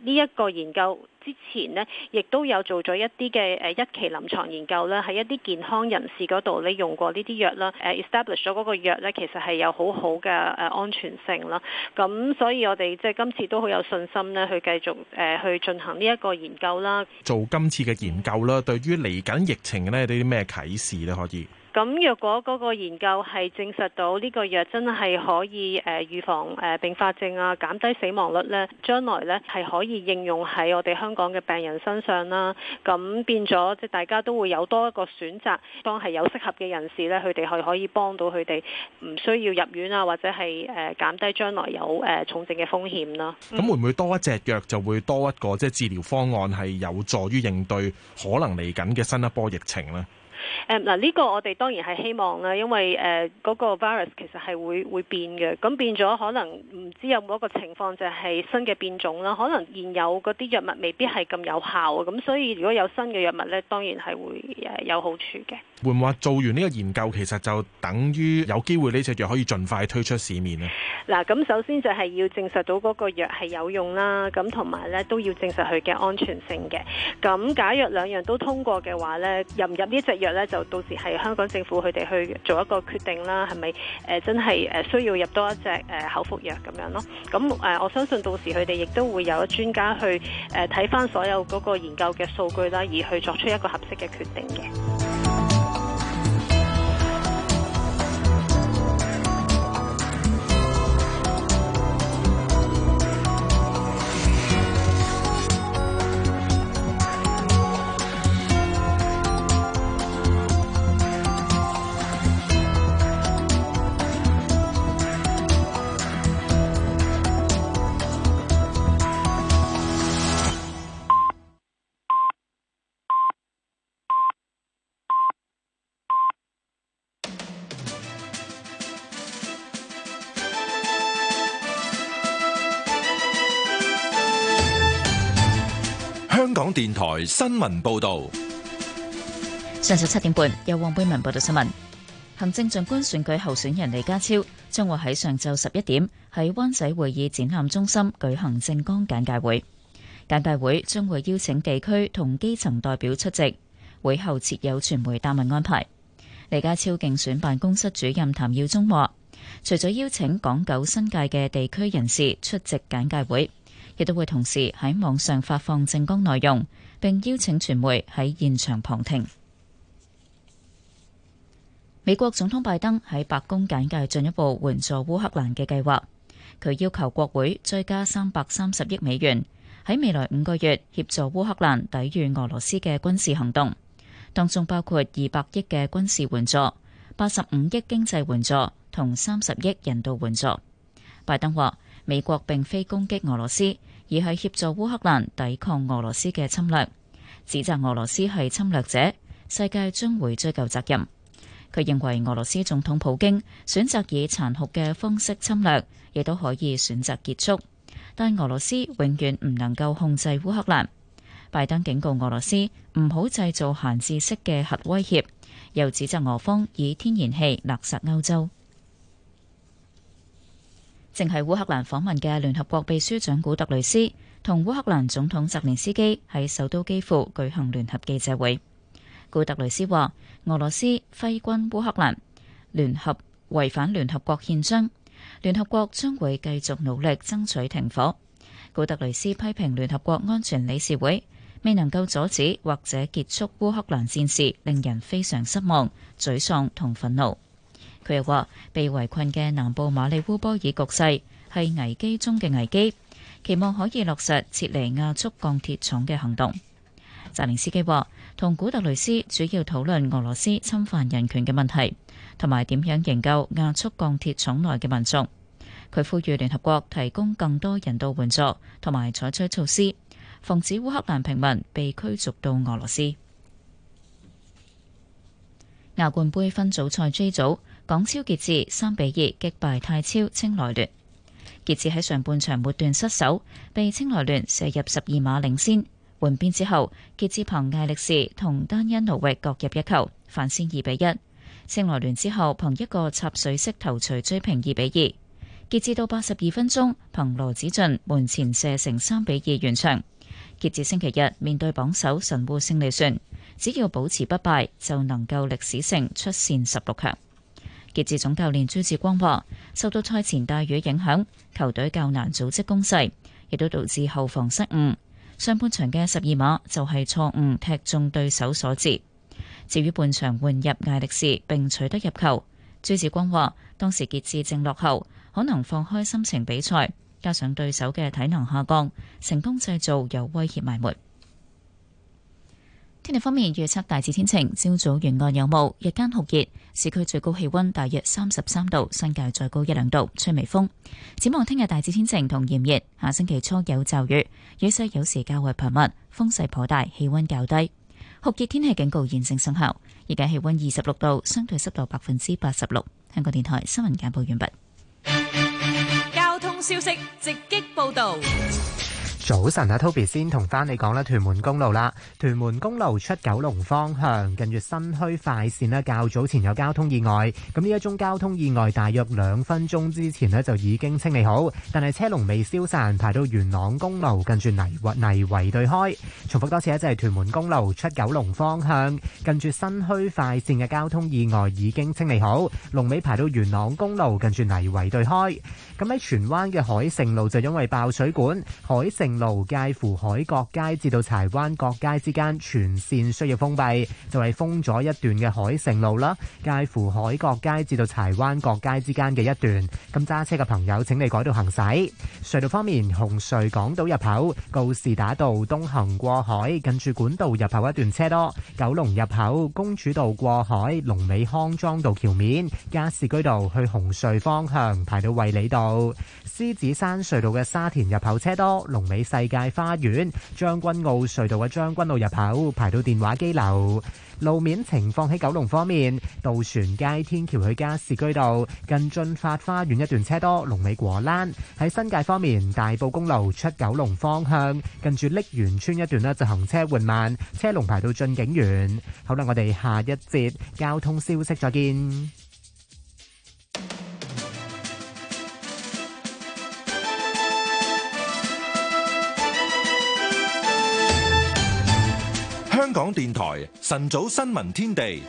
呢一個研究。之前呢，亦都有做咗一啲嘅誒一期臨床研究啦，喺一啲健康人士嗰度咧用過呢啲藥啦，誒 establish 咗嗰個藥咧，其實係有好好嘅誒安全性啦。咁所以我哋即係今次都好有信心咧，去繼續誒去進行呢一個研究啦，做今次嘅研究啦。對於嚟緊疫情咧，有啲咩啟示咧？可以？咁若果嗰個研究係證實到呢個藥真係可以誒預防誒併發症啊，減低死亡率咧，將來咧係可以應用喺我哋香港嘅病人身上啦。咁變咗即係大家都會有多一個選擇，當係有適合嘅人士咧，佢哋係可以幫到佢哋，唔需要入院啊，或者係誒減低將來有誒重症嘅風險啦。咁、嗯、會唔會多一隻藥就會多一個即係、就是、治療方案係有助於應對可能嚟緊嘅新一波疫情咧？誒，嗱呢、嗯這個我哋當然係希望啦，因為誒嗰、呃那個 virus 其實係會會變嘅，咁變咗可能唔知有冇一個情況就係新嘅變種啦，可能現有嗰啲藥物未必係咁有效，咁所以如果有新嘅藥物咧，當然係會誒、呃、有好處嘅。會唔會話做完呢個研究，其實就等於有機會呢隻藥可以盡快推出市面呢？嗱，咁首先就係要證實到嗰個藥係有用啦，咁同埋咧都要證實佢嘅安全性嘅。咁假若兩樣都通過嘅話咧，入唔入藥呢隻藥咧就到時係香港政府佢哋去做一個決定啦，係咪誒真係誒需要入多一隻誒、呃、口服藥咁樣咯？咁誒、呃，我相信到時佢哋亦都會有專家去誒睇返所有嗰個研究嘅數據啦，而去作出一個合適嘅決定嘅。電台新聞報道：上晝七點半，由黃貝文報道新聞。行政長官選舉候選人李家超將會喺上晝十一點喺灣仔會議展覽中心舉行政綱簡介會。簡介會將會邀請地區同基層代表出席，會後設有傳媒答問安排。李家超競選辦公室主任譚耀宗話，除咗邀請港九新界嘅地區人士出席簡介會。亦都會同時喺網上發放政綱內容，並邀請傳媒喺現場旁聽。美國總統拜登喺白宮簡介進一步援助烏克蘭嘅計劃，佢要求國會追加三百三十億美元喺未來五個月協助烏克蘭抵禦俄羅斯嘅軍事行動，當中包括二百億嘅軍事援助，八十五億經濟援助同三十億人道援助。拜登話，美國並非攻擊俄羅斯，而係協助烏克蘭抵抗俄羅斯嘅侵略，指責俄羅斯係侵略者，世界將會追究責任。佢認為俄羅斯總統普京選擇以殘酷嘅方式侵略，亦都可以選擇結束，但俄羅斯永遠唔能夠控制烏克蘭。拜登警告俄羅斯唔好製造閒置式嘅核威脅，又指責俄方以天然氣勒殺歐洲。正係烏克蘭訪問嘅聯合國秘書長古特雷斯同烏克蘭總統澤連斯基喺首都基輔舉行聯合記者會。古特雷斯話：俄羅斯揮軍烏克蘭，聯合違反聯合國憲章，聯合國將會繼續努力爭取停火。古特雷斯批評聯合國安全理事會未能夠阻止或者結束烏克蘭戰事，令人非常失望、沮喪同憤怒。譬如話：被圍困嘅南部馬里烏波爾局勢係危機中嘅危機，期望可以落實撤離亞速鋼鐵廠嘅行動。澤連斯基話：同古特雷斯主要討論俄羅斯侵犯人權嘅問題，同埋點樣營救亞速鋼鐵廠內嘅民眾。佢呼籲聯合國提供更多人道援助，同埋採取措施，防止烏克蘭平民被驅逐到俄羅斯。亞冠杯分組賽 J 組。港超傑志三比二擊敗泰超青來聯，傑志喺上半場末段失守，被青來聯射入十二碼領先。換邊之後，傑志憑艾力士同丹恩奴域各入一球反先二比一。青來聯之後，憑一個插水式頭錘追平二比二。傑志到八十二分鐘，憑羅子俊門前射成三比二完場，傑志星期日面對榜首神戶勝利船，只要保持不敗就能夠歷史性出線十六強。傑志總教練朱志光話，受到賽前大雨影響，球隊較難組織攻勢，亦都導致後防失誤。上半場嘅十二碼就係錯誤踢中對手所致。至於半場換入艾力士並取得入球，朱志光話當時傑志正落後，可能放開心情比賽，加上對手嘅體能下降，成功製造有威脅埋門。天氣方面預測大致天晴，朝早沿岸有霧，日間酷熱，市區最高氣溫大約三十三度，新界再高一兩度，吹微風。展望聽日大致天晴同炎熱，下星期初有驟雨，雨勢有時較為頻密，風勢頗大，氣溫較低。酷熱天氣警告現正生效，而家氣溫二十六度，相對濕度百分之八十六。香港電台新聞簡報完畢。交通消息直擊報道。早晨啊，Toby 先同翻你講咧，屯門公路啦，屯門公路出九龍方向，近住新墟快線咧，較早前有交通意外，咁呢一宗交通意外大約兩分鐘之前咧就已經清理好，但係車龍未消散，排到元朗公路近住泥圍泥圍對開。重複多次咧，就係屯門公路出九龍方向，近住新墟快線嘅交通意外已經清理好，龍尾排到元朗公路近住泥圍對開。咁喺荃灣嘅海盛路就因為爆水管，海盛。路介乎海角街至到柴灣角街之間全線需要封閉，就係、是、封咗一段嘅海盛路啦。介乎海角街至到柴灣角街之間嘅一段，咁揸車嘅朋友請你改道行駛。隧道方面，紅隧港島入口告士打道東行過海，近住管道入口一段車多；九龍入口公主道過海，龍尾康莊道橋面、加士居道去紅隧方向排到衛理道。獅子山隧道嘅沙田入口車多，龍尾。世界花園。將軍澳隧道嘅將軍澳入口排到電話機樓。路面情況，喺九龍方面，渡船街天橋去加士居道近駿發花園一段車多，龍尾果欄。喺新界方面，大埔公路出九龍方向近住瀝源村一段呢，就行車緩慢，車龍排到駿景園。好啦，我哋下一節交通消息再見。港電台晨早新聞天地，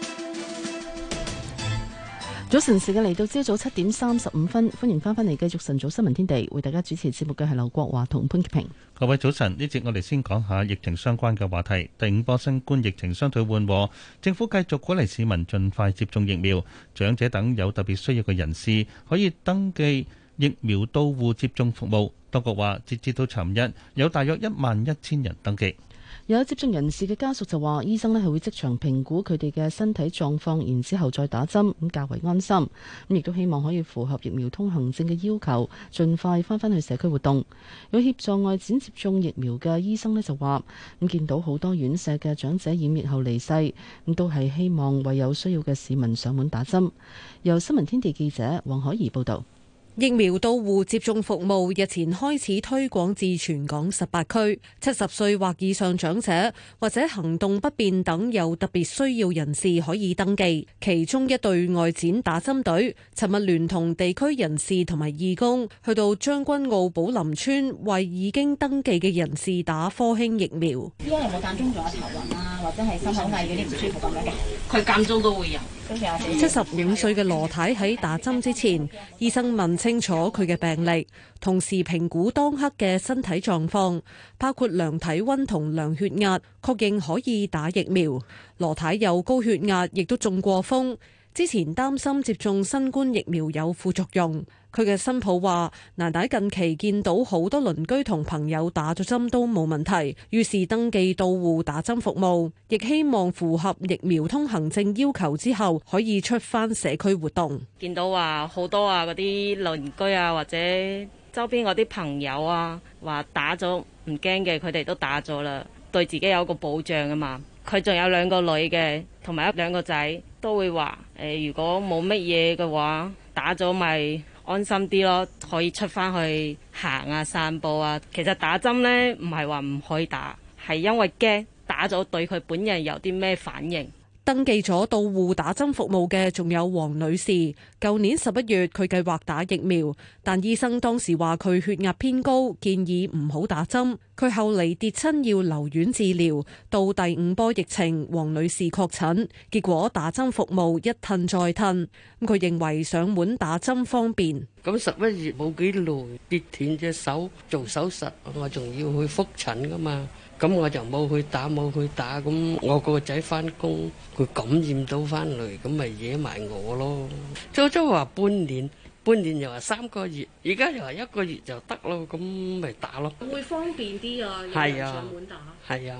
早晨時間嚟到朝早七點三十五分，歡迎翻返嚟繼續晨早新聞天地，為大家主持節目嘅係劉國華同潘潔平。各位早晨，呢節我哋先講下疫情相關嘅話題。第五波新冠疫情相對緩和，政府繼續鼓勵市民盡快接種疫苗，長者等有特別需要嘅人士可以登記疫苗到戶接種服務。當局話，截至到尋日，有大約一萬一千人登記。有接種人士嘅家屬就話，醫生咧係會即場評估佢哋嘅身體狀況，然之後再打針咁，較為安心咁，亦都希望可以符合疫苗通行證嘅要求，盡快翻返去社區活動。有協助外展接種疫苗嘅醫生咧就話咁，見到好多院舍嘅長者染疫後離世咁，都係希望為有需要嘅市民上門打針。由新聞天地記者黃可怡報道。疫苗到戶接種服務日前開始推廣至全港十八區，七十歲或以上長者或者行動不便等有特別需要人士可以登記。其中一隊外展打針隊尋日聯同地區人士同埋義工去到將軍澳寶林村為已經登記嘅人士打科興疫苗。七十五歲嘅羅太喺打針之前，醫生問清。清楚佢嘅病歷，同時評估當刻嘅身體狀況，包括量體溫同量血壓，確認可以打疫苗。羅太有高血壓，亦都中過風。之前擔心接種新冠疫苗有副作用，佢嘅新抱話：奶奶近期見到好多鄰居同朋友打咗針都冇問題，於是登記到戶打針服務，亦希望符合疫苗通行證要求之後，可以出返社區活動。見到話、啊、好多啊嗰啲鄰居啊或者周邊嗰啲朋友啊話打咗唔驚嘅，佢哋都打咗啦，對自己有一個保障啊嘛。佢仲有兩個女嘅，同埋一兩個仔，都會話：誒、呃，如果冇乜嘢嘅話，打咗咪安心啲咯，可以出返去行啊、散步啊。其實打針咧，唔係話唔可以打，係因為驚打咗對佢本人有啲咩反應。登記咗到戶打針服務嘅仲有黃女士，舊年十一月佢計劃打疫苗，但醫生當時話佢血壓偏高，建議唔好打針。佢後嚟跌親要留院治療，到第五波疫情，黃女士確診，結果打針服務一褪再褪。咁佢認為上門打針方便。咁十一月冇幾耐跌斷隻手做手術，我仲要去複診㗎嘛。咁我就冇去打冇去打，咁我個仔翻工，佢感染到翻嚟，咁咪惹埋我咯。早都話半年，半年又話三個月，而家又話一個月就得咯，咁咪打咯。會方便啲啊，上門打。係啊，係啊，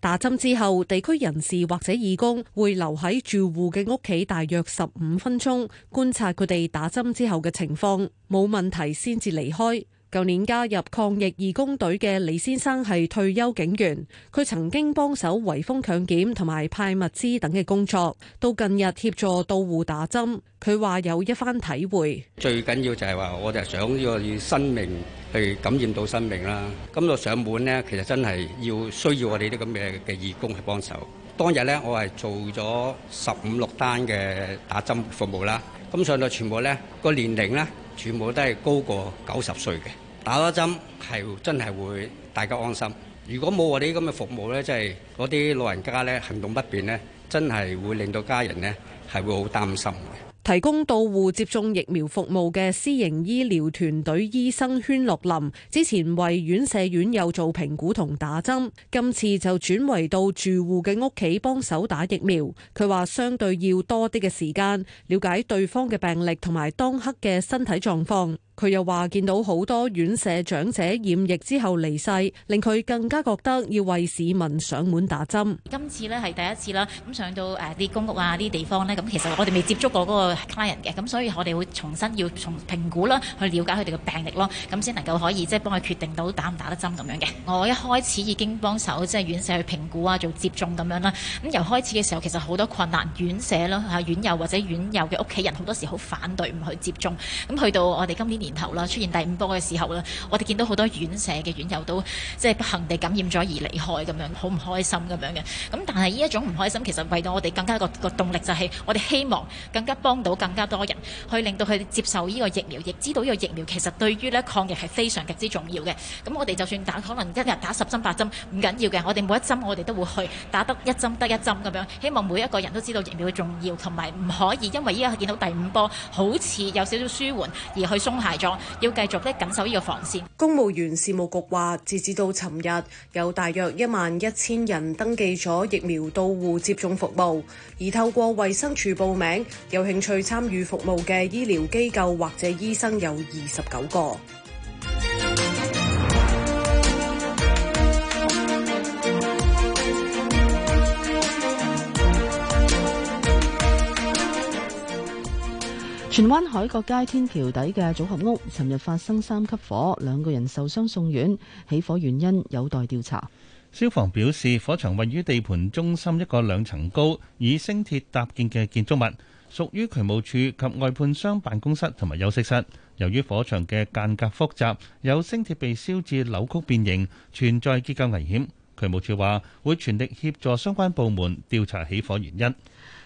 打針之後，地區人士或者義工會留喺住戶嘅屋企大約十五分鐘，觀察佢哋打針之後嘅情況，冇問題先至離開。舊年加入抗疫義工隊嘅李先生係退休警員，佢曾經幫手圍封強檢同埋派物資等嘅工作，到近日協助到戶打針，佢話有一番體會。最緊要就係話我哋想要以生命去感染到生命啦。咁到上門呢，其實真係要需要我哋啲咁嘅嘅義工去幫手。當日呢，我係做咗十五六單嘅打針服務啦。咁上到全部呢個年齡呢，全部都係高過九十歲嘅。打咗針係真係會大家安心。如果冇我哋咁嘅服務呢，即係嗰啲老人家呢，行動不便呢，真係會令到家人呢係會好擔心嘅。提供到戶接種疫苗服務嘅私營醫療團隊醫生禤洛林，之前為院舍院友做評估同打針，今次就轉為到住戶嘅屋企幫手打疫苗。佢話相對要多啲嘅時間，了解對方嘅病歷同埋當刻嘅身體狀況。佢又話見到好多院舍長者染疫之後離世，令佢更加覺得要為市民上門打針。今次呢係第一次啦，咁上到誒啲公屋啊啲地方呢，咁其實我哋未接觸過嗰個 client 嘅，咁所以我哋會重新要從評估啦，去了解佢哋嘅病歷咯，咁先能夠可以即係幫佢決定到打唔打得針咁樣嘅。我一開始已經幫手即係院舍去評估啊，做接種咁樣啦。咁由開始嘅時候其實好多困難院，院舍咯嚇，院友或者院友嘅屋企人好多時好反對唔去接種，咁去到我哋今年，年頭啦，出現第五波嘅時候啦，我哋見到好多院舍嘅院友都即係不幸地感染咗而離開咁樣，好唔開心咁樣嘅。咁但係呢一種唔開心，其實為到我哋更加一個一個動力，就係我哋希望更加幫到更加多人，去令到佢哋接受呢個疫苗，亦知道呢個疫苗其實對於呢抗疫係非常極之重要嘅。咁我哋就算打可能一日打十針八針唔緊要嘅，我哋每一針我哋都會去打得一針得一針咁樣，希望每一個人都知道疫苗嘅重要，同埋唔可以因為依家見到第五波好似有少少舒緩而去鬆懈。要繼續咧緊守呢個防線。公務員事務局話，截至到尋日，有大約一萬一千人登記咗疫苗到戶接種服務，而透過衛生署報名，有興趣參與服務嘅醫療機構或者醫生有二十九個。荃灣海角街天橋底嘅組合屋，尋日發生三級火，兩個人受傷送院，起火原因有待調查。消防表示，火場位於地盤中心一個兩層高以鋅鐵搭建嘅建築物，屬於渠務處及外判商辦公室同埋休息室。由於火場嘅間隔複雜，有鋅鐵被燒至扭曲變形，存在結構危險。渠務處話會全力協助相關部門調查起火原因。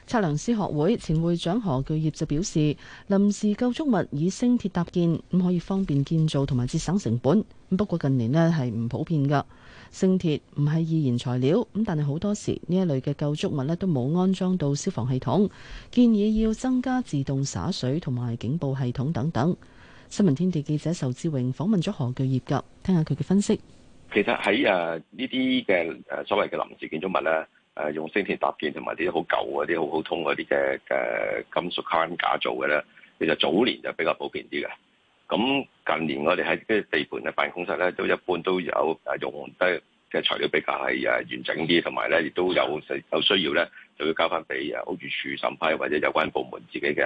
測量師學會前會長何巨業就表示，臨時構築物以生鐵搭建咁，可以方便建造同埋節省成本。不過近年咧係唔普遍噶生鐵唔係易燃材料咁，但係好多時呢一類嘅構築物咧都冇安裝到消防系統，建議要增加自動灑水同埋警報系統等等。新聞天地記者仇志榮訪問咗何巨業噶聽下佢嘅分析。其實喺誒呢啲嘅誒所謂嘅臨時建築物咧。誒、啊、用升鐵搭建同埋啲好舊嗰啲好普通嗰啲嘅誒金屬框架做嘅咧，其實早年就比較普遍啲嘅。咁近年我哋喺啲地盤嘅辦公室咧，都一般都有誒用得嘅材料比較係誒完整啲，同埋咧亦都有有需要咧，就要交翻俾誒屋宇署審批或者有關部門自己嘅誒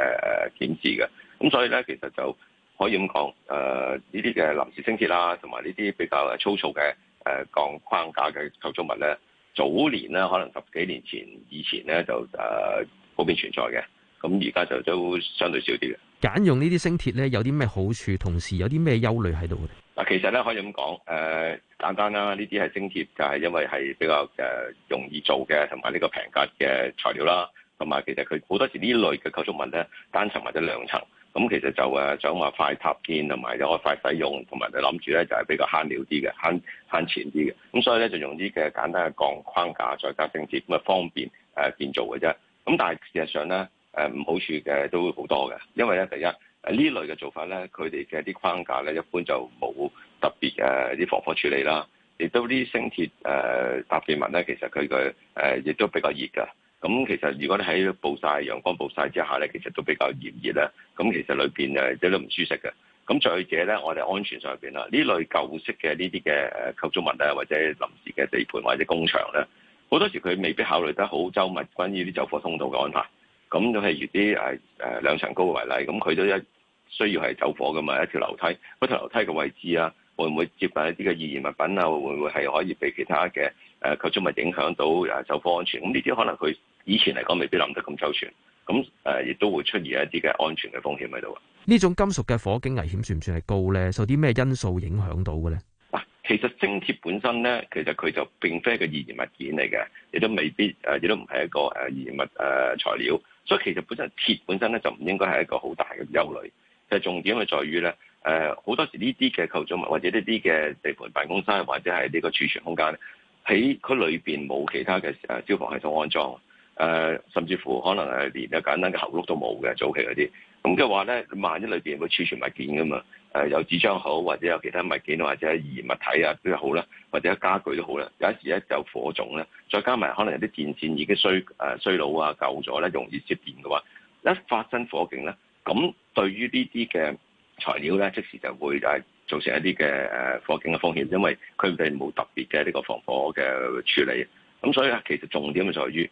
檢視嘅。咁所以咧，其實就可以咁講誒，呢啲嘅臨時升鐵啦、啊，同埋呢啲比較粗糙嘅誒鋼框架嘅構造物咧。早年咧，可能十幾年前以前咧就誒、呃、普遍存在嘅，咁而家就都相對少啲嘅。揀用呢啲鋅鐵咧，有啲咩好處，同時有啲咩憂慮喺度咧？嗱，其實咧可以咁講，誒、呃、簡單啦，呢啲係鋅鐵就係、是、因為係比較誒容易做嘅，同埋呢個平價嘅材料啦，同埋其實佢好多時呢類嘅構造物咧，單層或者兩層。咁、嗯、其實就誒、啊、想話快搭建同埋有可快使用，同埋你諗住咧就係、是、比較慳料啲嘅，慳慳錢啲嘅。咁、嗯、所以咧就用啲嘅簡單嘅鋼框架再搭升鐵，咁啊方便誒建、呃、造嘅啫。咁、嗯、但係事實上咧誒唔好處嘅都好多嘅，因為咧第一誒呢、啊、類嘅做法咧，佢哋嘅啲框架咧一般就冇特別誒啲、呃、防火處理啦。亦都啲升鐵誒搭建物咧，其實佢嘅誒亦都比較熱㗎。咁其實如果你喺暴曬、陽光暴曬之下咧，其實都比較炎熱咧。咁其實裏邊誒都唔舒適嘅。咁再者咧，我哋安全上邊啦，呢類舊式嘅呢啲嘅誒構造物啊，或者臨時嘅地盤或者工場咧，好多時佢未必考慮得好周密，關於啲走火通道嘅安排。咁就係如啲誒誒兩層高嘅為例，咁佢都一需要係走火嘅嘛，一條樓梯。嗰條樓梯嘅位置啊，會唔會接近一啲嘅易燃物品啊？會唔會係可以被其他嘅誒構造物影響到誒走火安全？咁呢啲可能佢。以前嚟講未必諗得咁周全，咁誒亦都會出現一啲嘅安全嘅風險喺度。呢種金屬嘅火警危險算唔算係高咧？受啲咩因素影響到嘅咧？嗱，其實精鐵本身咧，其實佢就並非一個易燃物件嚟嘅，亦都未必誒，亦都唔係一個誒易燃物誒材料。所以其實本身鐵本身咧就唔應該係一個好大嘅憂慮。就重點嘅在於咧，誒好多時呢啲嘅構造物或者呢啲嘅地盤、辦公室或者係呢個儲存空間，喺佢裏邊冇其他嘅誒消防系統安裝。誒、呃，甚至乎可能誒，連有簡單嘅喉轆都冇嘅早期嗰啲咁嘅話咧，萬一裏邊會儲存物件㗎嘛？誒、呃，有紙張好，或者有其他物件，或者係易燃物體啊，都好啦，或者家具都好啦。有一時咧有火種咧，再加埋可能有啲電線已經衰誒、呃、衰老啊舊咗咧，容易接電嘅話，一發生火警咧，咁對於呢啲嘅材料咧，即時就會誒造成一啲嘅誒火警嘅風險，因為佢哋冇特別嘅呢個防火嘅處理。咁所以咧，其實重點在於，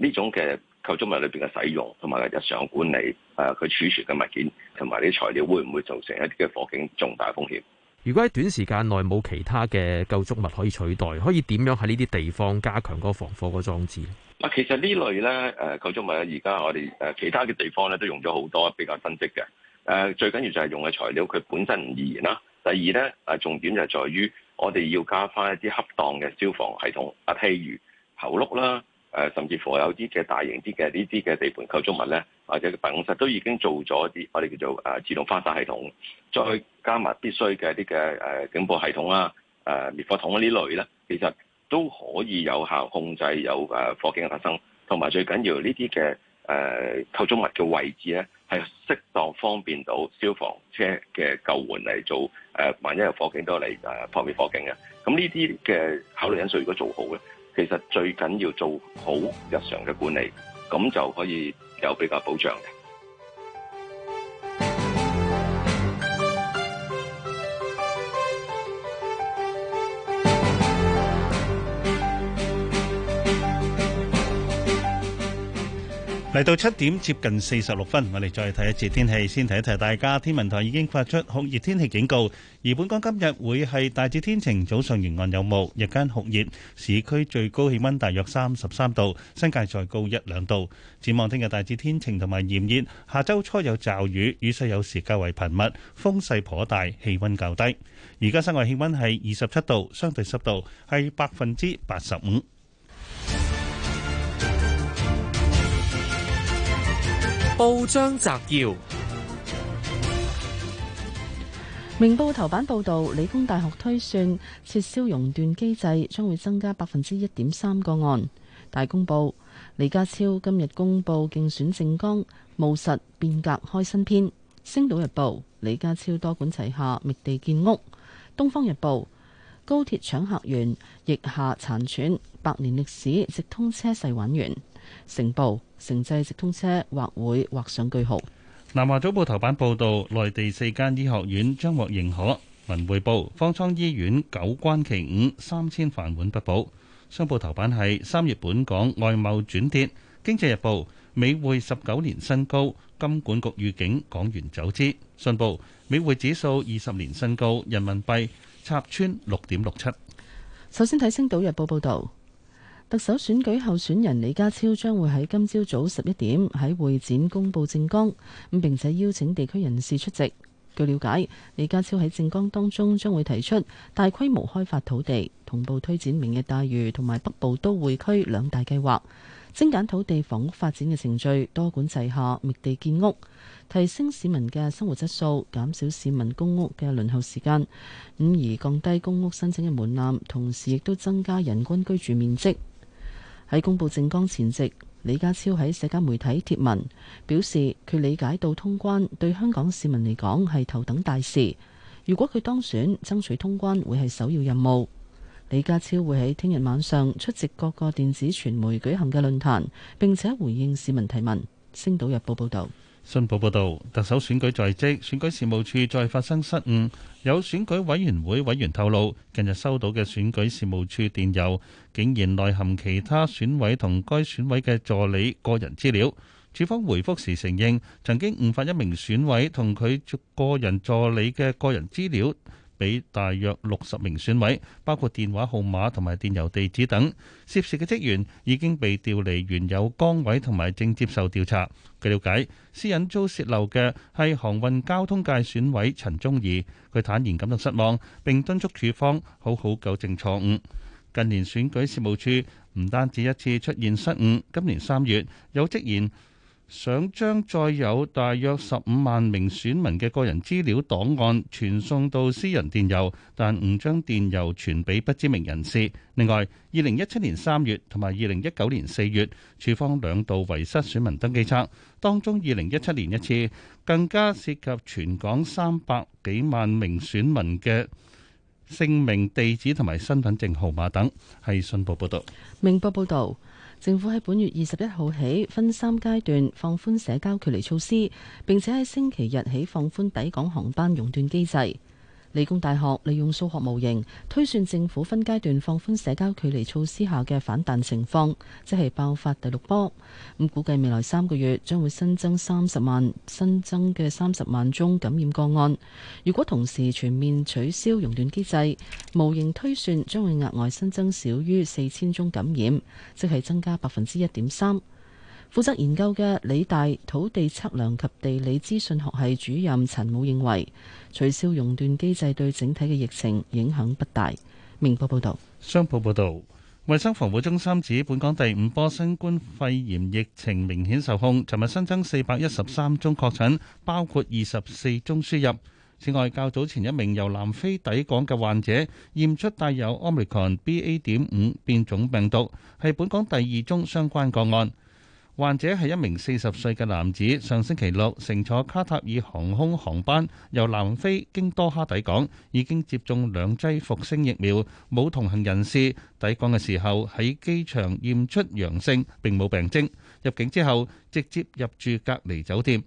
呢種嘅構築物裏邊嘅使用同埋日常管理，誒、啊、佢儲存嘅物件同埋啲材料，會唔會造成一啲嘅火警重大風險？如果喺短時間內冇其他嘅構築物可以取代，可以點樣喺呢啲地方加強個防火個裝置啊啊？啊，其實呢類咧誒構築物，而家我哋誒其他嘅地方咧都用咗好多比較新式嘅誒，最緊要就係用嘅材料佢本身唔易燃啦。第二咧誒、啊、重點就係在於，我哋要加翻一啲恰當嘅消防系統，啊譬如喉轆啦。誒甚至乎有啲嘅大型啲嘅呢啲嘅地盤、構築物咧，或者辦公室都已經做咗啲我哋叫做誒自動花灑系統，再加埋必須嘅一啲嘅誒警報系統啦、誒、呃、滅火筒呢類咧，其實都可以有效控制有誒火警嘅發生，同埋最緊要呢啲嘅誒構築物嘅位置咧係適當方便到消防車嘅救援嚟做誒、呃、萬一有火警都嚟誒撲滅火警嘅。咁呢啲嘅考慮因素如果做好咧？其實最緊要做好日常嘅管理，咁就可以有比較保障嘅。嚟到七點接近四十六分，我哋再睇一次天氣，先提一提大家。天文台已經發出酷熱天氣警告，而本港今日會係大致天晴，早上沿岸有霧，日間酷熱，市區最高氣温大約三十三度，新界再高一兩度。展望聽日大致天晴同埋炎熱，下周初有驟雨，雨勢有時較為頻密，風勢頗大，氣温較低。而家室外氣温係二十七度，相對濕度係百分之八十五。報章摘要：明報頭版報道，理工大學推算撤銷熔斷機制將會增加百分之一點三個案。大公報：李家超今日公佈競選政綱，務實變革開新篇。星島日報：李家超多管齊下，覓地建屋。東方日報：高鐵搶客源，腋下殘喘，百年歷史直通車勢玩完。城步城際直通車或會畫上句號。南華早報頭版報導，內地四間醫學院將獲認可。文匯報，方艙醫院九關其五，三千飯碗不保。商報頭版係三月本港外貿轉跌。經濟日報，美匯十九年新高，金管局預警港元走資。信報，美匯指數二十年新高，人民幣插穿六點六七。首先睇《星島日報》報導。特首選舉候選人李家超將會喺今朝早十一點喺會展公布政綱，咁並且邀請地區人士出席。據了解，李家超喺政綱當中將會提出大規模開發土地，同步推展明日大嶼同埋北部都會區兩大計劃，精簡土地房屋發展嘅程序，多管齊下，覓地建屋，提升市民嘅生活質素，減少市民公屋嘅輪候時間，咁而降低公屋申請嘅門檻，同時亦都增加人均居住面積。喺公布政綱前夕，李家超喺社交媒體貼文表示，佢理解到通關對香港市民嚟講係頭等大事。如果佢當選，爭取通關會係首要任務。李家超會喺聽日晚上出席各個電子傳媒舉行嘅論壇，並且回應市民提問。星島日報報道。新報報導，特首選舉在即，選舉事務處再發生失誤。有選舉委員會委員透露，近日收到嘅選舉事務處電郵，竟然內含其他選委同該選委嘅助理個人資料。處方回覆時承認，曾經誤發一名選委同佢個人助理嘅個人資料。俾大約六十名選委，包括電話號碼同埋電郵地址等，涉事嘅職員已經被調離原有崗位，同埋正接受調查。據了解，私隱遭泄漏嘅係航運交通界選委陳忠義，佢坦言感到失望，並敦促處方好好糾正錯誤。近年選舉事務處唔單止一次出現失誤，今年三月有職員，想將載有大約十五萬名選民嘅個人資料檔案傳送到私人電郵，但唔將電郵傳俾不知名人士。另外，二零一七年三月同埋二零一九年四月，處方兩度遺失選民登記冊，當中二零一七年一次更加涉及全港三百幾萬名選民嘅姓名、地址同埋身份證號碼等。係信報報道。明報報導。政府喺本月二十一號起分三階段放寬社交距離措施，並且喺星期日起放寬抵港航班熔斷機制。理工大學利用數學模型推算政府分階段放寬社交距離措施下嘅反彈情況，即係爆發第六波。咁估計未來三個月將會新增三十萬新增嘅三十萬宗感染個案。如果同時全面取消熔斷機制，模型推算將會額外新增少於四千宗感染，即係增加百分之一點三。負責研究嘅理大土地測量及地理資訊學系主任陳武認為，取消熔斷機制對整體嘅疫情影響不大。明報報道，商報報道，衛生防護中心指，本港第五波新冠肺炎疫情明顯受控。尋日新增四百一十三宗確診，包括二十四宗輸入。此外，較早前一名由南非抵港嘅患者驗出帶有 Omicron BA.5 變種病毒，係本港第二宗相關個案。患者係一名四十歲嘅男子，上星期六乘坐卡塔爾航空航班由南非經多哈抵港，已經接種兩劑復星疫苗，冇同行人士。抵港嘅時候喺機場驗出陽性，並冇病徵。入境之後直接入住隔離酒店。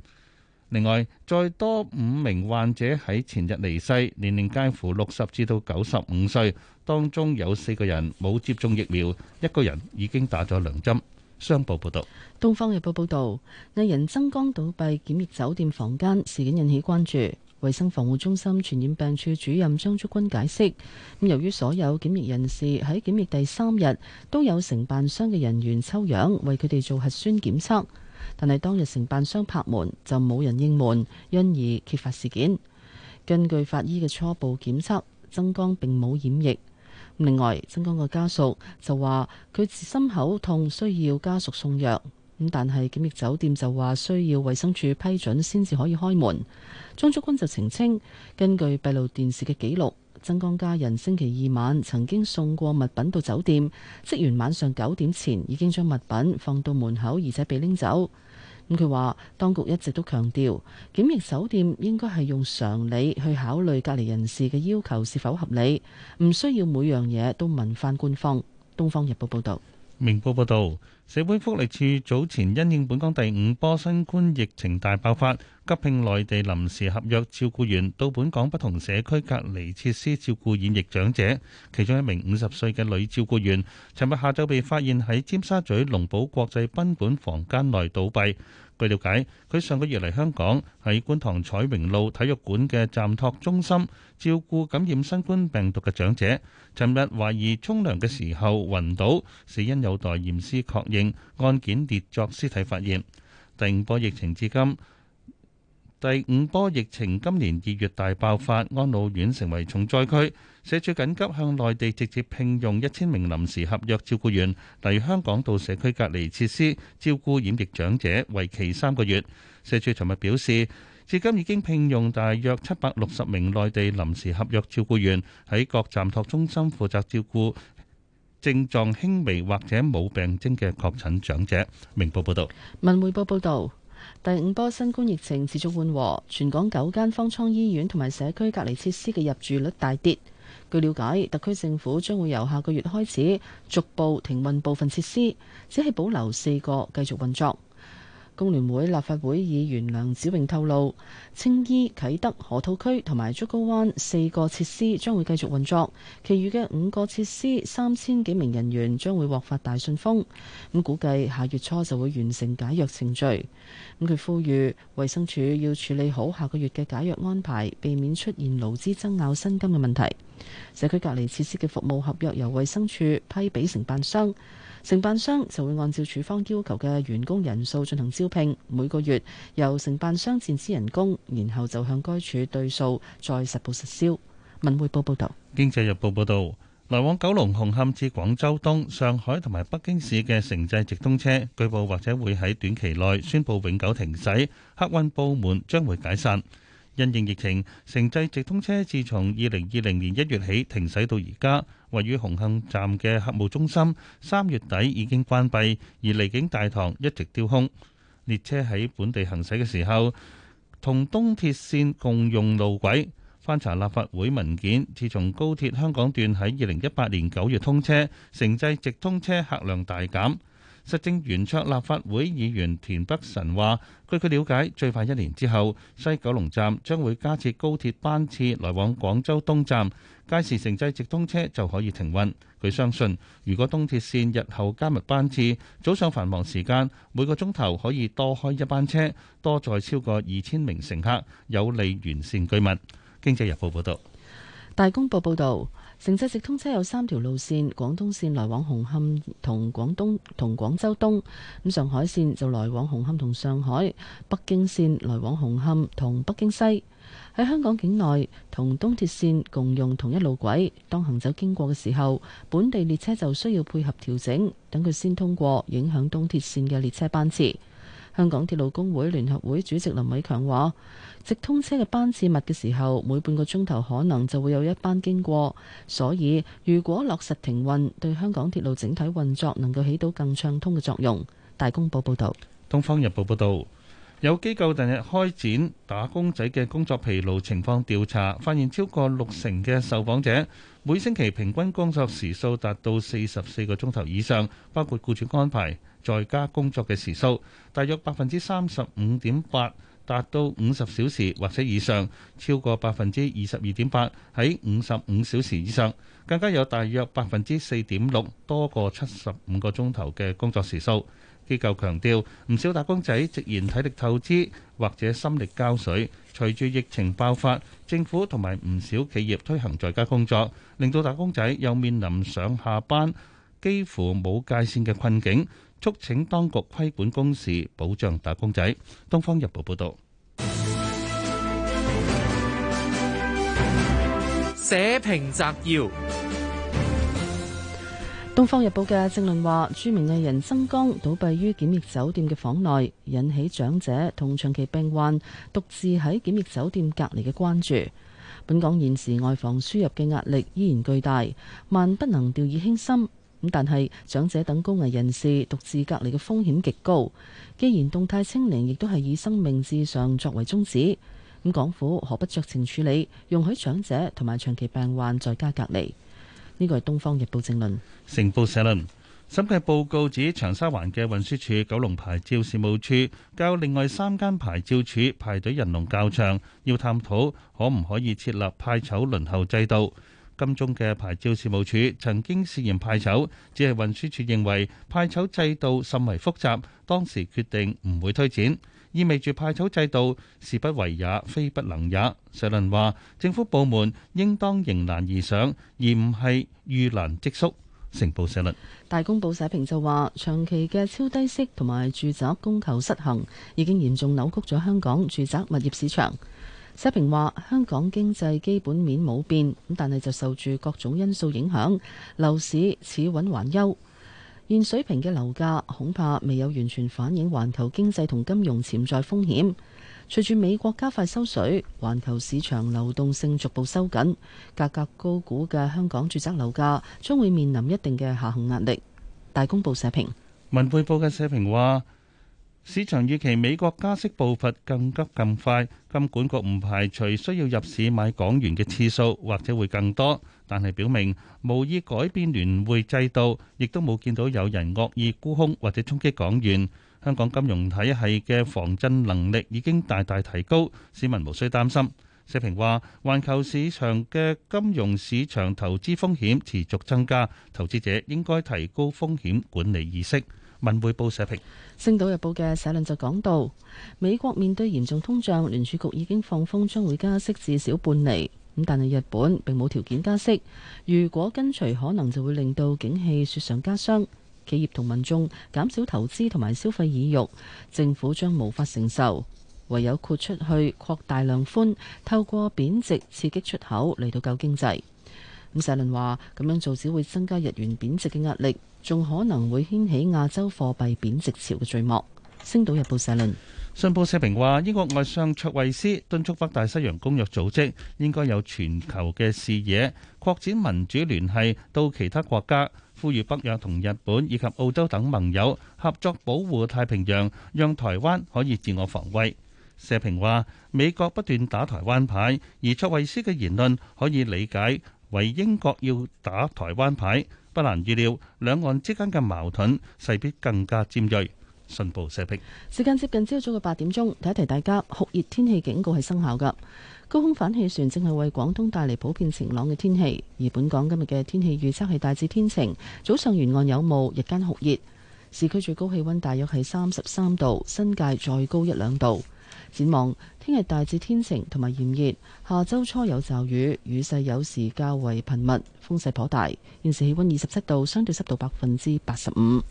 另外，再多五名患者喺前日離世，年齡介乎六十至到九十五歲，當中有四個人冇接種疫苗，一個人已經打咗兩針。商報報道，東方日報報道，藝人曾江倒斃檢疫酒店房間事件引起關注。衛生防護中心傳染病處主任張竹君解釋：咁由於所有檢疫人士喺檢疫第三日都有承辦商嘅人員抽樣為佢哋做核酸檢測，但係當日承辦商拍門就冇人應門，因而揭發事件。根據法醫嘅初步檢測，曾江並冇染疫。另外，曾江嘅家屬就話佢心口痛，需要家屬送藥。咁但係檢疫酒店就話需要衛生署批准先至可以開門。張竹君就澄清，根據閉路電視嘅記錄，曾江家人星期二晚曾經送過物品到酒店，職員晚上九點前已經將物品放到門口，而且被拎走。咁佢話，當局一直都強調，檢疫酒店應該係用常理去考慮隔離人士嘅要求是否合理，唔需要每樣嘢都問返官方。《東方日報》報道，《明報》報道，社會福利處早前因應本港第五波新冠疫情大爆發。急聘內地臨時合約照顧員到本港不同社區隔離設施照顧染疫長者，其中一名五十歲嘅女照顧員，尋日下晝被發現喺尖沙咀龍堡國際賓館房間內倒斃。據瞭解，佢上個月嚟香港喺觀塘彩榮路體育館嘅暫託中心照顧感染新冠病毒嘅長者，尋日懷疑沖涼嘅時候暈倒，死因有待驗屍確認。案件列作屍體發現。第五波疫情至今。第五波疫情今年二月大爆發，安老院成為重災區。社署緊急向內地直接聘用一千名臨時合約照顧員嚟香港到社區隔離設施照顧染疫長者，為期三個月。社署尋日表示，至今已經聘用大約七百六十名內地臨時合約照顧員喺各站託中心，負責照顧症狀輕微或者冇病徵嘅確診長者。明報報導，文匯報報導。第五波新冠疫情持續緩和，全港九間方艙醫院同埋社區隔離設施嘅入住率大跌。據了解，特區政府將會由下個月開始逐步停運部分設施，只係保留四個繼續運作。工聯會立法會議員梁子穎透露，青衣、啟德、河套區同埋竹篙灣四個設施將會繼續運作，其餘嘅五個設施三千幾名人員將會獲發大信封，咁估計下月初就會完成解約程序。咁佢呼籲衛生署要處理好下個月嘅解約安排，避免出現勞資爭拗薪金嘅問題。社區隔離設施嘅服務合約由衛生署批俾承辦商。承辦商就會按照處方要求嘅員工人數進行招聘，每個月由承辦商墊資人工，然後就向該處對數再實報實銷。文匯報報道。《經濟日報》報道，來往九龍紅磡至廣州東、上海同埋北京市嘅城際直通車，據報或者會喺短期內宣布永久停駛，客運部門將會解散。因應疫情，城際直通車自從2020年1月起停駛到而家，位於紅磡站嘅客務中心三月底已經關閉，而離境大堂一直丟空。列車喺本地行駛嘅時候，同東鐵線共用路軌。翻查立法會文件，自從高鐵香港段喺2018年9月通車，城際直通車客量大減。實政圓桌立法會議員田北辰話：據佢了解，最快一年之後，西九龍站將會加設高鐵班次來往廣州東站，屆時城際直通車就可以停運。佢相信，如果東鐵線日後加密班次，早上繁忙時間每個鐘頭可以多開一班車，多載超過二千名乘客，有利完善居民。經濟日報報道。大公報報導。城際直通車有三條路線，廣東線來往紅磡同廣東同廣州東，咁上海線就來往紅磡同上海；北京線來往紅磡同北京西。喺香港境內同東鐵線共用同一路軌，當行走經過嘅時候，本地列車就需要配合調整，等佢先通過影響東鐵線嘅列車班次。香港鐵路工會聯合會主席林偉強話，直通車嘅班次密嘅時候，每半個鐘頭可能就會有一班經過，所以如果落實停運，對香港鐵路整體運作能夠起到更暢通嘅作用。大公報報道，東方日報報道，有機構近日開展打工仔嘅工作疲勞情況調查，發現超過六成嘅受訪者每星期平均工作時數達到四十四個鐘頭以上，包括僱主安排。在家工作嘅時數大約百分之三十五點八達到五十小時或者以上，超過百分之二十二點八喺五十五小時以上，更加有大約百分之四點六多過七十五個鐘頭嘅工作時數。機構強調，唔少打工仔直言體力透支或者心力交瘁。隨住疫情爆發，政府同埋唔少企業推行在家工作，令到打工仔又面臨上下班幾乎冇界線嘅困境。促請當局規管公事，保障打工仔。《東方日報》報導，社評摘要：《東方日報》嘅正論話：著名藝人曾江倒閉於檢疫酒店嘅房內，引起長者同長期病患獨自喺檢疫酒店隔離嘅關注。本港現時外防輸入嘅壓力依然巨大，萬不能掉以輕心。咁但係長者等高危人士獨自隔離嘅風險極高，既然動態清零亦都係以生命至上作為宗旨，咁港府何不酌情處理，容許長者同埋長期病患在家隔離？呢個係《東方日報》正論，《成報》社論。審計報告指長沙灣嘅運輸署九龍牌照事務處較另外三間牌照處排隊人龍較長，要探討可唔可以設立派籌輪候制度。金鐘嘅牌照事務處曾經試驗派籌，只係運輸署認為派籌制度甚為複雜，當時決定唔會推展，意味住派籌制度是不為也，非不能也。社論話政府部門應當迎難而上，而唔係遇難即縮。成報社論。大公報社評就話，長期嘅超低息同埋住宅供求失衡已經嚴重扭曲咗香港住宅物業市場。社評話香港經濟基本面冇變，咁但係就受住各種因素影響，樓市似穩還憂。現水平嘅樓價恐怕未有完全反映環球經濟同金融潛在風險。隨住美國加快收水，環球市場流動性逐步收緊，價格高估嘅香港住宅樓價將會面臨一定嘅下行壓力。大公報社評、文匯報嘅社評話。市場預期美國加息步伐更急更快，金管局唔排除需要入市買港元嘅次數，或者會更多。但係表明無意改變聯匯制度，亦都冇見到有人惡意沽空或者衝擊港元。香港金融體系嘅防震能力已經大大提高，市民無需擔心。社評話，環球市場嘅金融市場投資風險持續增加，投資者應該提高風險管理意識。文匯報社評，《星島日報》嘅社論就講到，美國面對嚴重通脹，聯儲局已經放風將會加息至少半厘。咁但係日本並冇條件加息，如果跟隨，可能就會令到景氣雪上加霜，企業同民眾減少投資同埋消費意欲，政府將無法承受，唯有豁出去擴大量寬，透過貶值刺激出口嚟到救經濟。咁，社論話咁樣做只會增加日元貶值嘅壓力，仲可能會掀起亞洲貨幣貶值潮嘅序幕。《星島日報》社論，信報社評話，英國外相卓慧思敦促北大西洋公約組織應該有全球嘅視野，擴展民主聯繫到其他國家，呼籲北約同日本以及澳洲等盟友合作保護太平洋，讓台灣可以自我防衛。社評話，美國不斷打台灣牌，而卓慧思嘅言論可以理解，為英國要打台灣牌，不難預料，兩岸之間嘅矛盾勢必更加尖鋭。信報社評，時間接近朝早嘅八點鐘，提一提大家酷熱天氣警告係生效嘅，高空反氣旋正係為廣東帶嚟普遍晴朗嘅天氣，而本港今日嘅天氣預測係大致天晴，早上沿岸有霧，日間酷熱，市區最高氣温大約係三十三度，新界再高一兩度。展望聽日大致天晴同埋炎熱，下周初有驟雨，雨勢有時較為頻密，風勢頗大，現時氣溫二十七度，相對濕度百分之八十五。